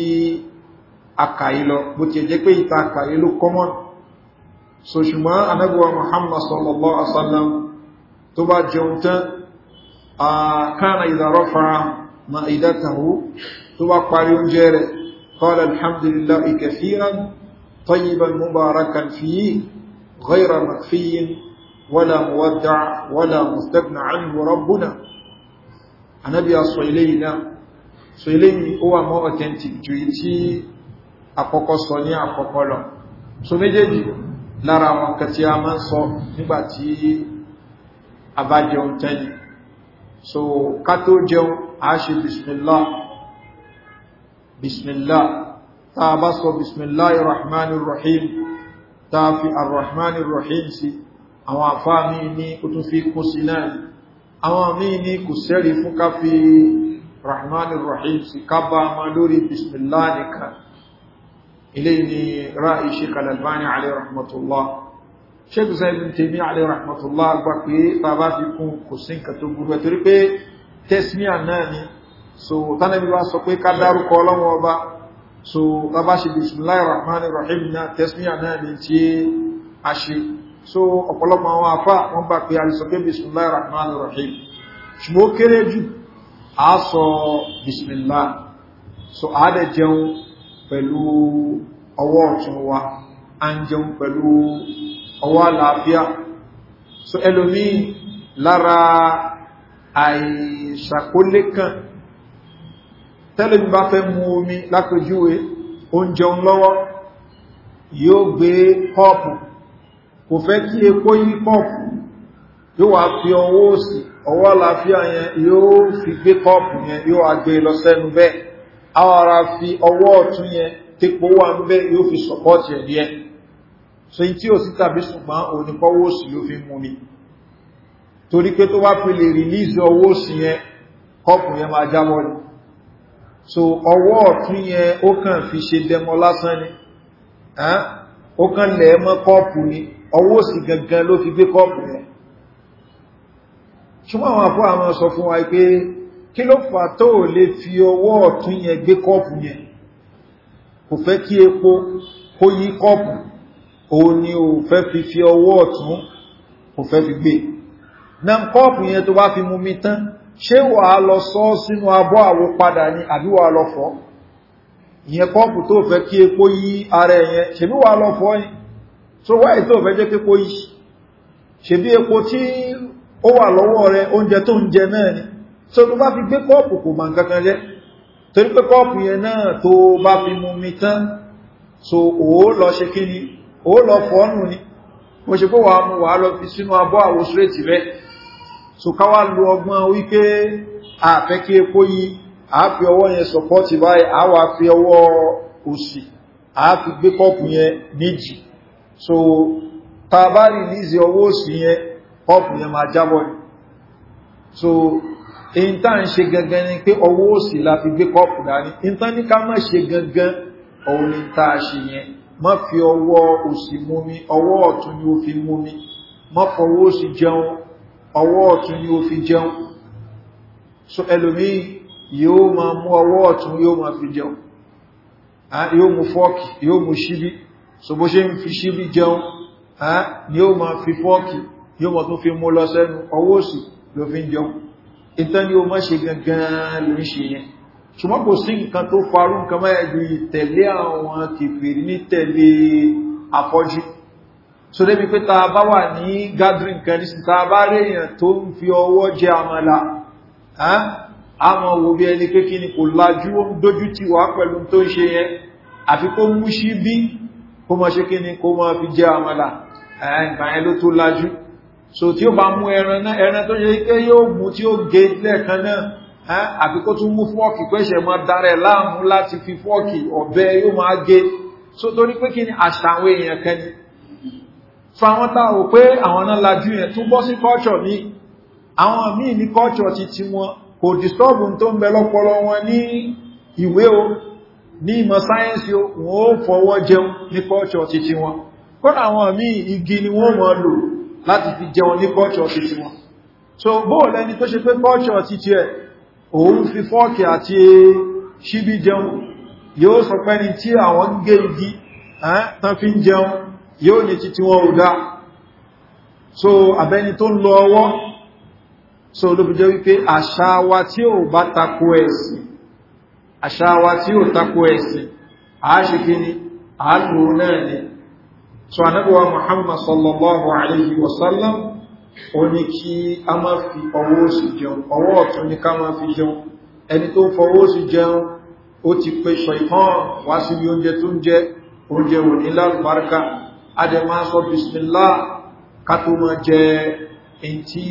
akàí lọ bó ti jẹ́ pé ìta akàí ló kọ́mọ̀n so ṣùgbọ́n anẹ́bùwa muhammad sallallahu قال الحمد لله كثيرا طيبا مباركا فيه غير مكفي ولا مودع ولا مستغنى عنه ربنا النبي صلى الله عليه هو more authentic ju ti àkọ́kọ́ sọ ní àkọ́kọ́ lọ so méjèèjì lára àwọn kan tí a máa ń sọ nígbàtí a bá jẹun tẹ́yìn so ká tó jẹun a ṣe bismillah bismillah tá a bá sọ bismillah irrahman irrahim tá a fi arrahman irrahim sí àwọn àfá mi ní ó tún fi kún sí náà àwọn mi ní kò sẹ́rí fún ká fi rahman irrahim sí ká bá ma lórí bismillah nìkan ilé ni ráì sheik al-albani alayhi rahmatullah sheik zaibin tèmi alayhi rahmatullah gbà pé tá a bá fi kún kò sí nǹkan tó burú ẹ̀ torí pé tẹ́símíà náà ni so tánàbí wá sọ pé ká dárúkọ ọlọ́wọ́ ọba so bàbá ṣe bismillahir rahmanir rahim náà tẹ́síyà náà ní tí a ṣe so ọ̀pọ̀lọpọ̀ àwọn afá wọ́n bá pé a pé bismillahir rahmanir rahim ṣùgbọ́n ó kéré jù a sọ bismillah so a dẹ̀ jẹun pẹ̀lú ọwọ́ ọ̀tún wa a ń jẹun pẹ̀lú ọwọ́ àlàáfíà so ẹlòmí lára àìṣàkólékàn tẹ́lẹ̀ mi bá fẹ́ mú omi lápẹjúwe oúnjẹ ń lọ́wọ́ yóò gbé kọ́ọ̀pù kò fẹ́ kí epo yí kọ́ọ̀pù yóò wá fi ọwọ́ òsì ọwọ́ àlàáfíà yẹn yóò fi gbé kọ́ọ̀pù yẹn yóò wá gbé e lọ sẹ́nu bẹ́ẹ̀ ara fi ọwọ́ ọ̀tún yẹn tepo wà ń bẹ́ yóò fi sọ̀pọ̀tì ẹ̀ díẹ̀ so yí tí ó sí tàbí ṣùgbọ́n onípọ́wọ́ òsì yóò fi mú mi torí pé tó bá fi lè rìlíìsì ọwọ́ òsì yẹn kọ́ọ̀pù yẹn máa jábọ́ ni so ọwọ́ ọ̀tún yẹn ó kàn fi ṣe dẹmọ lásán ni ó kàn lẹ̀ mọ́ kọ́ọ̀pù ni ọwọ́ òsì gangan ló fi gbé kọ́ọ̀pù yẹn ṣùgbọ́n àwọn àpọ́ àwọn sọ fún wa pé kí ló fà tó lè fi ọwọ́ ọ̀tún yẹn gbé kọ́ọ̀pù yẹn kò fẹ́ kí epo kó yí kọ́ọ̀pù òun ni ò fẹ́ fi fi ọwọ́ ọ̀tún kò fẹ́ fi gbé náà kọ́ọ̀pù yẹn tó wá fi mú mi tán ṣé wà á lọ sọ sínú abọ́ àwo padà ní àbí wà á lọ fọ́ ìyẹn kọ́pù tó fẹ́ kí epo yí ara ẹ̀yẹn ṣèbí wà á lọ fọ́ yìí tó wáyé tó fẹ́ jẹ́ képo yìí ṣèbí epo tí ó wà lọ́wọ́ rẹ oúnjẹ tó ń jẹ náà ni tó tó bá fi gbé kọ́pù kò mà nǹkankan jẹ́ torí pé kọ́pù yẹn náà tó bá fi mú mi tán so òó lọ ṣe kí ni òó lọ fọ́nù ni mo ṣe pé wàá mú wàá lọ fi sínú abọ́ àwo súrètì rẹ̀ so ká wá lo ọgbọ́n wípé àfẹ́ kí epo yìí a fi ọwọ́ yẹn sọpọ́tì báyìí a wà fi ọwọ́ òsì a fi gbé kọ́pù yẹn méjì so ta bá rí lízi ọwọ́ òsì yẹn kọ́pù yẹn máa jábọ̀ ní so èyí tá ń ṣe gangan ni pé ọwọ́ òsì la fi gbé kọ́pù dání ìta ní ká má ṣe gangan òun ni ta ṣe yẹn má fi ọwọ́ òsì mú mi ọwọ́ ọ̀tún ni ó fi mú mi má fọwọ́ òsì jẹun ọwọ́ ọ̀tún yóò fi jẹun so ẹlòmí yóò ma mú ọwọ́ ọ̀tún yóò ma fi jẹun yóò mú fọ́ọ̀kì yóò mú ṣíbí so bó ṣe ń fi ṣíbí jẹun yóò ma fi fọ́ọ̀kì yóò ma tún fi mú lọ sẹ́nu ọwọ́ òsì ló fi jẹun ìtàn ni ó má ṣe gangan ló ń so débi pé ta bá wà ní gathering kan nísìn ta bá rí tó ń fi ọwọ́ jẹ àmàlà àmà wo bí ẹni pé kí ni kò lájú ó ń dójú ti wà pẹ̀lú tó ń ṣe yẹn àfi kó mú sí bí kó mọ ṣe kí ni kó mọ fi jẹ àmàlà ìgbà yẹn ló tó lájú so tí ó bá mú ẹran náà ẹran tó ṣe pé yóò mú tí ó gé lẹ́ẹ̀kan náà àfi kó tún mú fọ́ọ̀kì pẹ́ṣẹ̀ mọ́ darẹ̀ láàmú láti fi fọ́ọ̀kì ọ̀bẹ yóò máa gé so torí pé kí ni àṣà èèyàn kan ni so àwọn tá ò pé àwọn náà lajú yẹn tó bọ́ sí culture ní àwọn míì ní culture ti ti wọn kò disturb tó ń bẹ lọ́pọlọ wọn ní ìwé o ní ìmọ̀ sáyẹ́nsì o wọ́n ó fọwọ́ jẹun ní culture ti ti wọn kọ́nà àwọn míì igi ni wọ́n mọ̀ lò láti fi jẹun ní culture ti ti wọn so bóòlù ẹni tó ṣe pé culture ti ti ẹ̀ òun fi fọ́ọ̀kì àti ṣíbí jẹun yóò sọ yóò ní títí wọn ò dá so abẹni tó ń lọ ọwọ́ so ló fi jẹ́ wípé àṣáwa tí ò bá tako ẹ̀sìn àṣáwa tí ò tako ẹ̀sìn àáṣìkí ni àálù náà ni so anábíwa muhammad sallallahu alayhi wasallam ó ní kí a má fi ọwọ́ sí jẹun ọwọ́ ọ̀tún ní ká má fi jẹun ẹni tó fọwọ́ sí jẹun ó ti pẹ́ ṣọ̀ wá sí bí oúnjẹ tó ń jẹ oúnjẹ òní lálùbáríkà adẹ̀má sọ bisimilá kátó ma jẹ èyí tí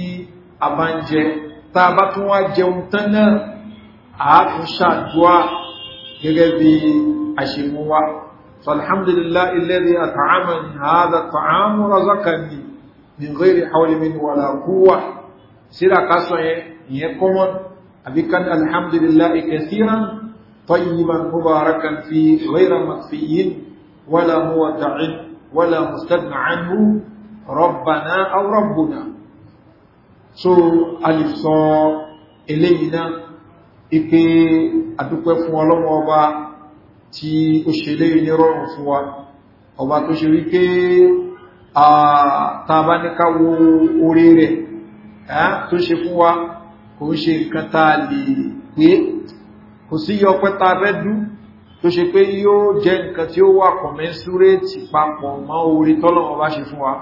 a bá ń jẹ tá a bá tún wá jẹun tán náà àátún ṣàdúwà gẹ́gẹ́ bí àṣemúwá alhamdulillah alladhi at'amani hadha at'am razaqani min ghairi hawlin wala quwwa síra kásọ yẹn ìyẹn kọ́mọ́n wọ́lá mùsùlùmí ربنا أو ربنا. so a lè sọ eléyìí náà ipé àdúpẹ́ fún ọlọ́wọ́ ọba tí ó ṣe léyìí ní rọrùn fún wa ọba tó ṣe wípé àtàbá ní káwọ orí rẹ̀ tó ṣe fún wa kò ṣe nǹkan ta lè pé kò sí yọ pẹ́ta bẹ́dú tó ṣe pé yóò jẹ́ nǹkan tí ó wà kọ̀mẹ́súrétì papọ̀ mọ́ orí tọ́lọ́wọ́ bá ṣe fún wa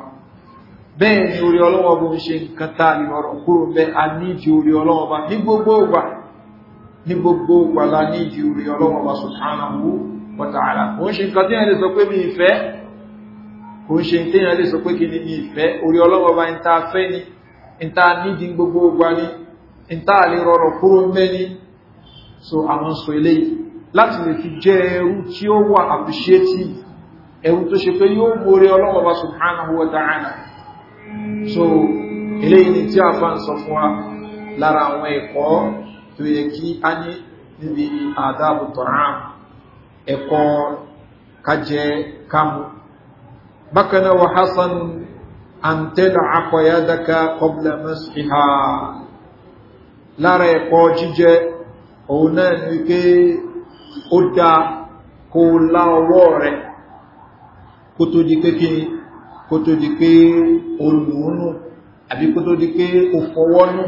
bẹ́ẹ̀ ni orí ọlọ́wọ́ bó ń ṣe nǹkan tá lè kúrò bẹ́ a nídi orí ọlọ́wọ́ bá ní gbogbo ìgbà ní gbogbo ìgbà la nídi orí ọlọ́wọ́ bá subhanahu wa ta'ala kò ń ṣe nǹkan tí yẹn lè sọ pé mi ìfẹ́ kò ń ṣe tí yẹn lè sọ so àwọn láti lè fi jẹ ẹrú tí ó wà appreciative ẹrú tó ṣe pé yóò mórí ọlọ́wọ́wà subhanahu wa so eléyìí ni tí a fa ń sọ fún wa lára àwọn ẹ̀kọ́ tó yẹ kí a ní níbi àdáàbò tọ̀rán ẹ̀kọ́ kajẹ kámú lára ẹ̀kọ́ jíjẹ òun náà ni pé ó dá kó lá ọwọ́ rẹ̀ kó tó di pé kí kó tó di pé olùúnú àbí kó tó di pé o fọwọ́nú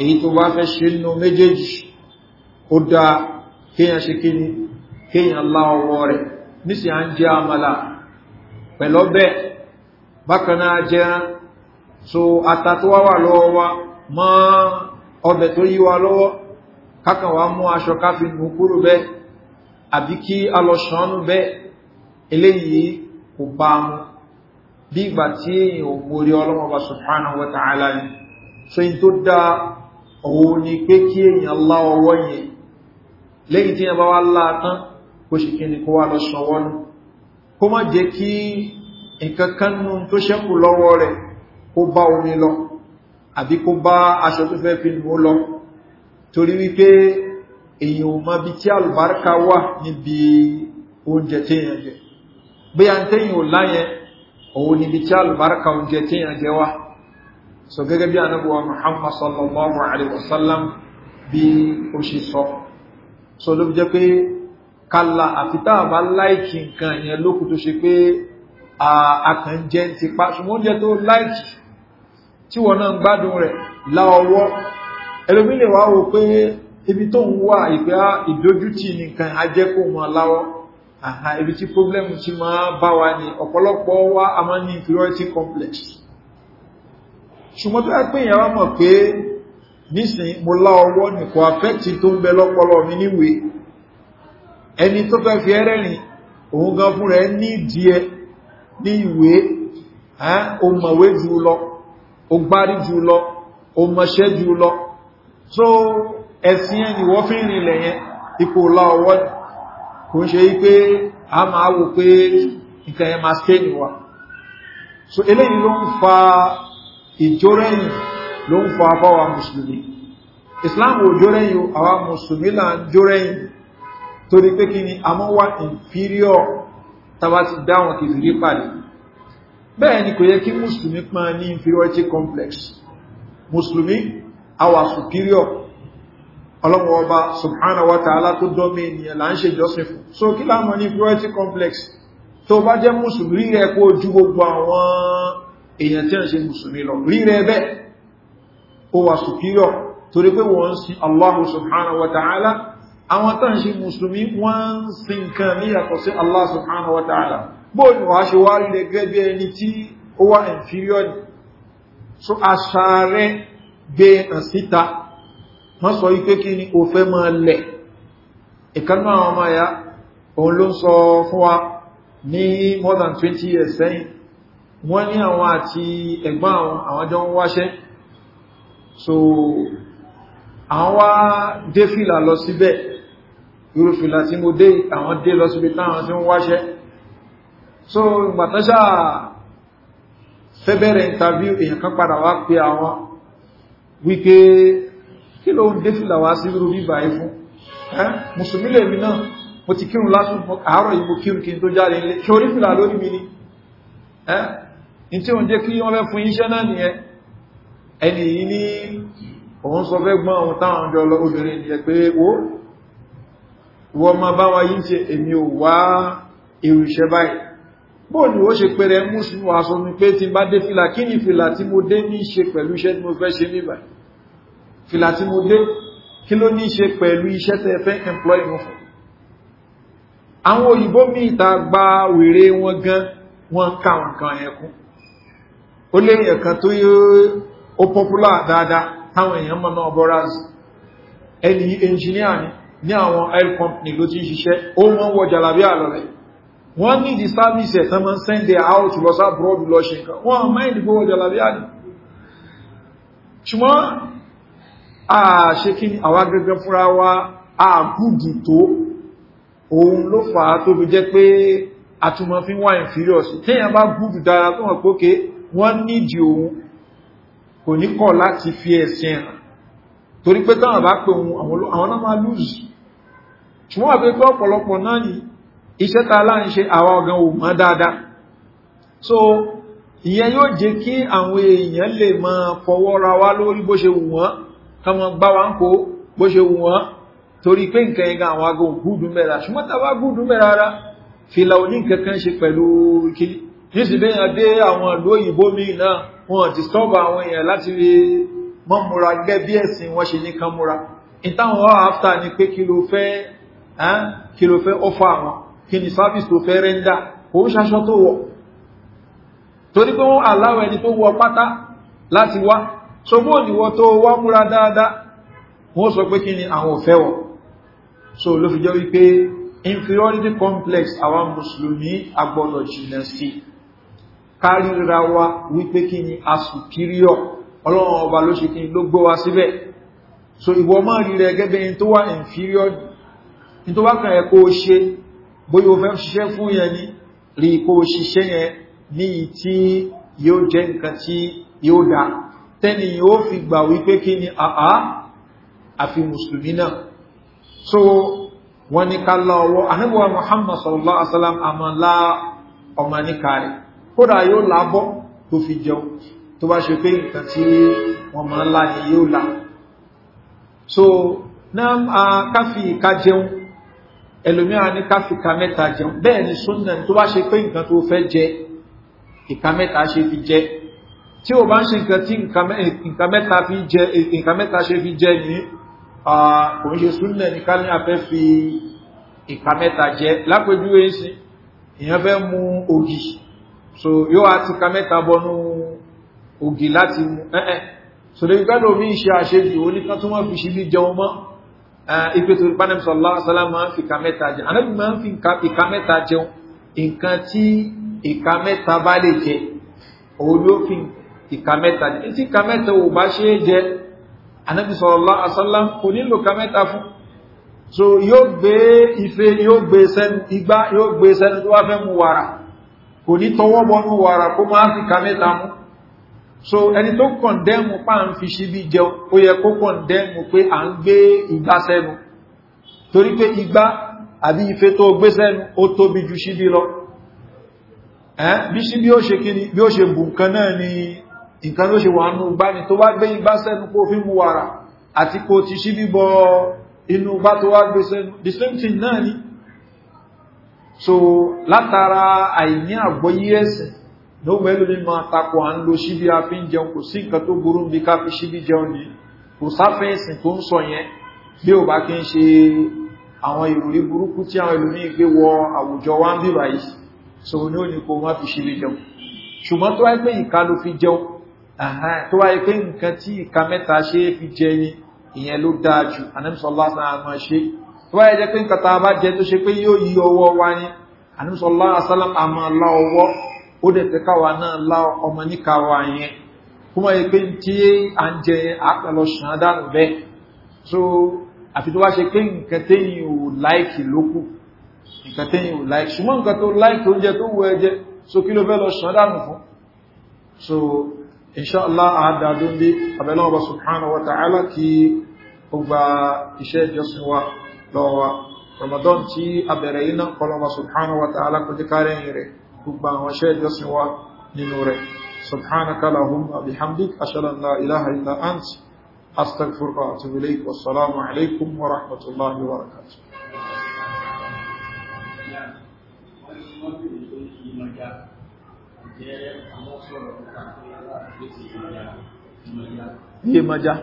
èyí tó bá fẹ́ ṣe nínú méjèèjì ó dá kéyàn ṣe kí ni kéyàn lá ọwọ́ rẹ̀ nísì à ń jẹ àmàlà pẹ̀lọ́bẹ̀ bákanáà jẹ́ so àtàtọ́wà wà lọ́wọ́ wa mọ́ ọbẹ̀ tó yí wa lọ́wọ́ kákan wá mú aṣọ káfí mú kúrò bẹ́ àbí kí a lọ ṣánú bẹ́ eléyìí kò bá mú bí ìgbà tí èyàn ò mórí ọlọ́mọba subhanahu wa ta'ala so in tó dá ọwọ́ ni pé kí èyàn lá ọwọ́ yẹn lẹ́yìn tí èyàn bá wá láàtán kó ṣe kí ni kó wá lọ ṣanwọ́ nù kó má jẹ́ kí nǹkan kan nù tó ṣẹ́kù lọ́wọ́ rẹ̀ kó bá omi lọ àbí kó bá aṣọ tó fẹ́ fi nù ó lọ́wọ́ torí wípé èyàn ò mọ́ bí tí alùbáríkà wà níbi oúnjẹ téèyàn jẹ bí a ń téèyàn ò láyẹn òun níbi tí alùbáríkà oúnjẹ téèyàn jẹ wá so gẹ́gẹ́ bí anábùwà muhammad sallallahu alaihi wasallam bí ó ṣe sọ so ló jẹ́ pé kala àti tá a bá láìkì nǹkan yẹn lókù tó ṣe pé àkàn jẹ́ ti pa ṣùgbọ́n oúnjẹ tó láìkì tí wọ́n náà ń gbádùn rẹ̀ láọwọ́ ẹlòmí lè wá wo pé ibi tó ń wà ìgbà ìdójútì nìkan ajẹ́kò mọ́ láwọ́ àhà ibi tí pọ́blẹ́mù ti máa bá wa ní ọ̀pọ̀lọpọ̀ wá a máa ní inferiority complex ṣùgbọ́n tó yá pé èèyàn wá mọ̀ pé nísìn mo lá ọwọ́ nìkọ̀ affect tó ń bẹ lọ́pọlọ mi níwe ẹni tó fẹ́ fi ẹrẹ́rìn òun gan fún rẹ̀ ní ìdíẹ ní ìwé o jù lọ o gbárí jù lọ o mọṣẹ́ jù lọ so ẹ̀sìn ẹni wọ́n fi rìn ilẹ̀ yẹn ipò láọwọ́ kò ń ṣe wípé a máa wò pé nǹkan yẹn máa stay níwà so eléyìí ló ń fa ìjórẹ́yìn ló ń fa báwa mùsùlùmí islam ò jórẹ́yìn àwa mùsùlùmí là ń jórẹ́yìn torí pé kí ni a mọ́ wà inferior tàbá ti dáwọn kìfìrí pàdé bẹ́ẹ̀ ni kò yẹ kí mùsùlùmí pán ní inferiority complex mùsùlùmí àwà superior ọlọ́wọ́ ọba subhanahu wa ta'ala tó dọ́mí ènìyàn là ń ṣe jọ́sìn so kí láàmọ́ ní purity complex tó bá jẹ́ mùsùlùmí rẹ̀ kó ojú gbogbo àwọn èèyàn tí ń ṣe mùsùlùmí lọ rí rẹ̀ bẹ́ẹ̀ ó wà superior torí pé wọ́n ń sin allahu subhanahu wa ta'ala àwọn tán ṣe mùsùlùmí wọ́n ń sin nǹkan ní yàtọ̀ sí allah subhanahu wa ta'ala bóòlù wá ṣe wá rí rẹ̀ gẹ́gẹ́ bí ẹni tí ó wà inferior so àṣà rẹ̀ gbé hàn síta wọ́n sọ wípé kí ni o fẹ́ máa lẹ̀ ìkánná àwọn ọmọ ya òun ló ń sọ fún wa ní more than 20 years sẹ́yìn wọ́n ní àwọn àti ẹ̀gbọ́n àwọn àwọn jọ ń wáṣẹ́ so àwọn wá dé fìlà lọ síbẹ̀ irúfìlà tí mo dé àwọn dé lọ síbẹ̀ táwọn tí ń wáṣẹ́ so ìgbàtánṣà fẹ́bẹ̀rẹ̀ interview èèyàn kan padà wá pé àwọn wípé kí ló ń dé fìlà wá sí irú bíbà yìí fún mùsùlùmí lè mi náà mo ti kírun lásùn àárọ̀ yìí mo kí n tó jáde ilé ṣe orí fìlà lórí mi ni ní tí òun jẹ́ kí wọ́n fẹ́ fún iṣẹ́ náà nìyẹn ẹni yìí ní òun sọ fẹ́ gbọ́n ohun táwọn ọjọ́ lọ obìnrin ni ẹ pé ó wọ́n ma bá wa yí ṣe èmi ò wá irúṣẹ́ báyìí bóò ni ó ṣe pẹ̀rẹ̀ mùsùlùmí wà sọ mi pé tí bá dé fìlà kí ni fìlà tí mo dé ní ṣe pẹ̀lú iṣẹ́ tí mo fẹ́ ṣe níbàá fìlà tí mo dé kí ló ní ṣe pẹ̀lú iṣẹ́ tẹ́ fẹ́ employ wọn fún àwọn òyìnbó mi ìta gba wèrè wọn gan wọn ká wọn kan ẹkún ó lé ẹ̀kan tó yóò ó popular dáadáa táwọn èèyàn mọ́ náà bọ́ráàzù ẹni ẹnjìníà ni ní àwọn air company ló ti ń ṣiṣẹ́ ó mọ́ wọ jàlàbí àlọ́lẹ̀ wọ́n ní di service ẹ̀ tán mọ́ send out lọ sáà broad lọ ṣe nǹkan wọ́n máa ń dìbò wọ jàlàbí àlọ́ ṣùgbọ́n àṣekí àwa gẹ́gẹ́ fúnra wa àgùdù tó òun ló fà á tó fi jẹ́ pé àtúmọ̀ fi wà inferior sí téèyàn bá gùdù dára tó hàn pókè wọ́n nídìí òun kò ní kọ̀ láti fi ẹ̀sìn torí pé táwọn bá pè òun àwọn náà máa lùzù ṣùgbọ́n wà pé ọ̀pọ̀lọpọ̀ náà ni iṣẹ́ ta láà ń ṣe àwa ọ̀gán ò mọ́ dáadáa so ìyẹn yóò jẹ́ kí àwọn èèyàn lè máa fọwọ́ ra wá lórí bó ṣe wù wọ́n kọmọ gbá wa ń kó bó ṣe wù wọ́n torí pé nǹkan ẹ̀gá àwọn ago gúdù mẹ́ra ṣùgbọ́n tàbá gúdù mẹ́ra rárá fìlà òní kankan ṣe pẹ̀lú ìkíní nísìnyí adé àwọn ìlú òyìnbó míì náà wọn ti sọ́ọ̀bù àwọn èèyàn láti lè mọ́ múra gẹ́gẹ́ bí ẹ̀sìn wọ́n ṣe ní kan múra ìtàwọn afta ni pé kí ló fẹ́ kí ló fẹ́ ọfà àwọn kí ni sáfíìsì tó fẹ́ rẹ́ńdà kò ń ṣaṣọ tó wọ̀ torí pé wọ́n aláwọ̀ ẹni tó wọ pátá láti wá so bó níwọ́ tó wá múra dáadáa wọ́n sọ pé kí ni àwọn òfẹ́ wọ̀ so ló fi jẹ́ wípé inferiority complex àwọn mùsùlùmí agbọ́dọ̀ jìnà sí kárìíra wa wípé kí ni a superior ọlọ́run ọba ló ṣe kí ni ló gbọ́ wa síbẹ̀ so ìwọ máa rí rẹ gẹ́gẹ́ ní tó wà inferior ní tó bá kàn ẹ̀ kó o ṣe bóyá o fẹ́ ṣiṣẹ́ fún yẹn ni rí kó o ṣiṣẹ́ yẹn ní tí yóò jẹ́ nǹkan tí yóò dáa tẹ́ni yóò fi gbà wípé kí ni àá àfi musulmi náà so wọ́n ní ká lọ ọwọ́ anábíwá muhammad sallallahu alaihi wasallam àmà lá ọmọ níka rẹ̀ kódà yóò lábọ́ tó fi jẹun tó bá ṣe pé nǹkan tí wọ́n máa lá ni yóò lá so náà káfí ká jẹun ẹlòmíà ní káfí ká mẹ́ta jẹun bẹ́ẹ̀ ni súnnà tó bá ṣe pé nǹkan tó fẹ́ jẹ ìka mẹ́ta ṣe fi jẹ tí o bá ń ṣe nǹkan tí nǹkan mẹ́ta fi jẹ nǹkan mẹ́ta ṣe fi jẹ ní kò ń ṣe súnlẹ̀ ní ká ní fi nǹkan mẹ́ta jẹ lápẹjúwe sí èèyàn fẹ́ mu ògì so yóò á ti ka mẹ́ta bọnú ògì láti mu ẹ́ẹ̀ so lè gbẹ́lò mi ṣe àṣejì ó ní ká tún wọ́n fi ṣe bí jẹun mọ́ ipe tó bá nẹ́mùsọ̀ lọ́sọ́lá máa ń fi ka mẹ́ta jẹun anábì máa ń fi ìka mẹ́ta jẹun nǹkan tí ìka mẹ́ta bá lè jẹ òun ló fi ìka mẹ́ta ní tí ìka mẹ́ta ò bá ṣe é jẹ anábì sallallahu kò nílò ìka fún so yóò gbé ife yóò gbé sẹ́nu igbá yóò gbé sẹ́nu tó wá fẹ́ mu wàrà kò ní tọwọ́ bọnú wàrà kó máa fi ìka mú so ẹni tó kọ̀ndẹ́mù pa ń fi ṣíbí jẹun ó yẹ kó kọ̀ndẹ́mù pé à ń gbé igbá sẹ́nu torí pé igbá àbí ife tó gbé sẹ́nu ó tóbi ju ṣíbí lọ bí ṣíbí ó ṣe kí ni bí ó ṣe bù nǹkan náà ni nǹkan ló ṣe wà nú gbá ni tó wá gbé igbá sẹ́nu kó fi mú wàrà àti kó ti ṣí bíbọ inú gbá tó wá gbé sẹ́nu the same thing náà ni so látara àìní àgbọ́yí ẹ̀sẹ̀ ló mẹ́lú ní máa takò à ń lo ṣíbí a fi ń jẹun kò sí nǹkan tó burú bí ká fi ṣíbí jẹun ni kò sáfẹ́ ẹ̀sìn tó ń sọ yẹn bí ò bá kí ń ṣe àwọn ìròrí burúkú tí àwọn ìlú ní wọ àwùjọ wá ń bíbà yìí so ní ò ní kó wọ́n fi ṣíbí jẹun ṣùgbọ́n tó wáyé pé ìka ló fi jẹun tó wáyé pé nǹkan tí ìka mẹ́ta ṣe é fi jẹ ni ìyẹn ló dáa jù ànímsọ́lá náà máa ṣe tó wáyé jẹ́ pé nǹkan tá a bá jẹ tó ṣe pé yóò yí ọwọ́ wa ni ànímsọ́lá asálàm àmọ́ lá ọwọ́ ó dẹ̀ tẹ́ káwa náà lá ọmọ níka wa yẹn kó mọ̀ pé tí à ń jẹ àpẹlọ ṣàn dànù bẹ́ẹ̀ so àfi tó wá ṣe pé nǹkan téyìn ò láìkì ló kù nǹkan téyìn ò láìkì ṣùgbọ́n nǹkan tó láìkì oúnjẹ tó wù ẹ so kí ló fẹ́ lọ ṣàn dànù fún so inṣáàlá àádádún bí abẹ́lọ́wọ́ subhanahu wa ta'ala kí ó gba iṣẹ́ ìjọsìn wa lọ́wọ́ ramadan tí abẹ̀rẹ̀ iná kọlọ́wọ́ subhanahu wa ta'ala kò jí kárẹ̀ rẹ̀ gbogbo àwọn iṣẹ́ ìjọsìn wa nínú rẹ̀ subhanaka lahumma bihamdik ashhadu an la ilaha Iye mọ́já.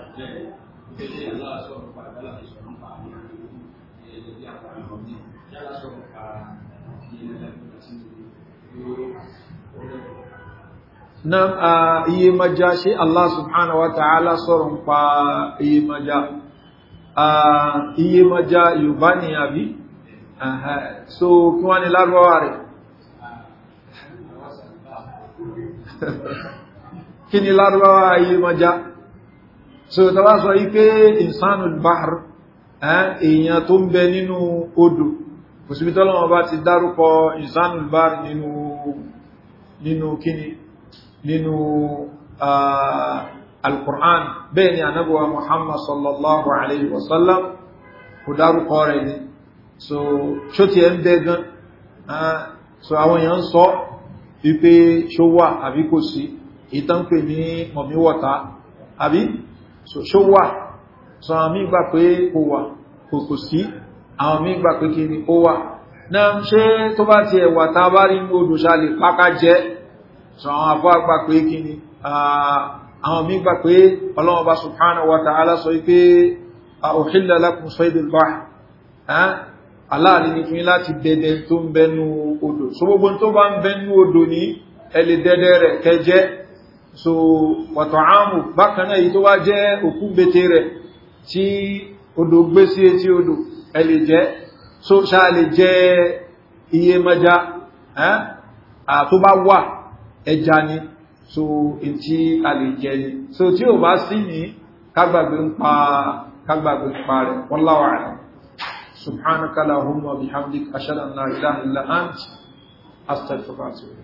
Na iye mọ́já ṣe Allah subhanahu wa ta'ala sọ̀rọ̀ ń pa iye mọ́já. Iye mọ́já Yorùbá ni àbí? So, kí wọ́n ni lárọ́wà rẹ̀? [laughs] Kini ni lárúbáwá ayé so tàbá sọ yí pé ìsánù báhàr èèyàn tó ń bẹ nínú odò òsìbítọ́lọ́wọ́ bá ti dárúkọ bahr báhàr nínú kíni nínú alkùrán bẹ́ẹ̀ ni anábọ̀wà muhammad sallallahu Alaihi wasallam kò dárúkọ rẹ̀ ni so ṣó ti ẹ ń bẹ so àwọn èèyàn sọ wípé ṣó wà àbí kò sí ìtànpè ní mọ̀mí wọ́ta àbí ṣó wà sọ àwọn mí gbà pé kò wà kò sí àwọn mí gbà pé kí ni ó wà náà ṣe tó bá ti ẹ̀wà ta bá rí ní odòṣà lè pákà jẹ́ sọ àwọn àfọ́ àgbà pé kí ni àwọn mí gbà pé ọlọ́wọ́ bá subhanahu aláàrin ni fún láti dẹdẹ tó ń bẹnu odò so gbogbo tó bá ń bẹnu odò ní ẹlẹ́ dẹdẹ rẹ̀ kẹjẹ́ so pọ̀tọ̀ áàmù bákanáà yìí tó wá jẹ́ òkú bete rẹ̀ tí odò gbé sí etí odò ẹlẹ́ jẹ́ so ṣáàlẹ̀ jẹ́ iye mẹja tó bá wà ẹja ni so in tí jẹ ni so tí ò bá sí ní kágbàgbé ń pa rẹ̀ wọ́n láwàá rẹ̀ سبحانك اللهم وبحمدك أشهد أن لا إله إلا أنت أستغفرك وأتوب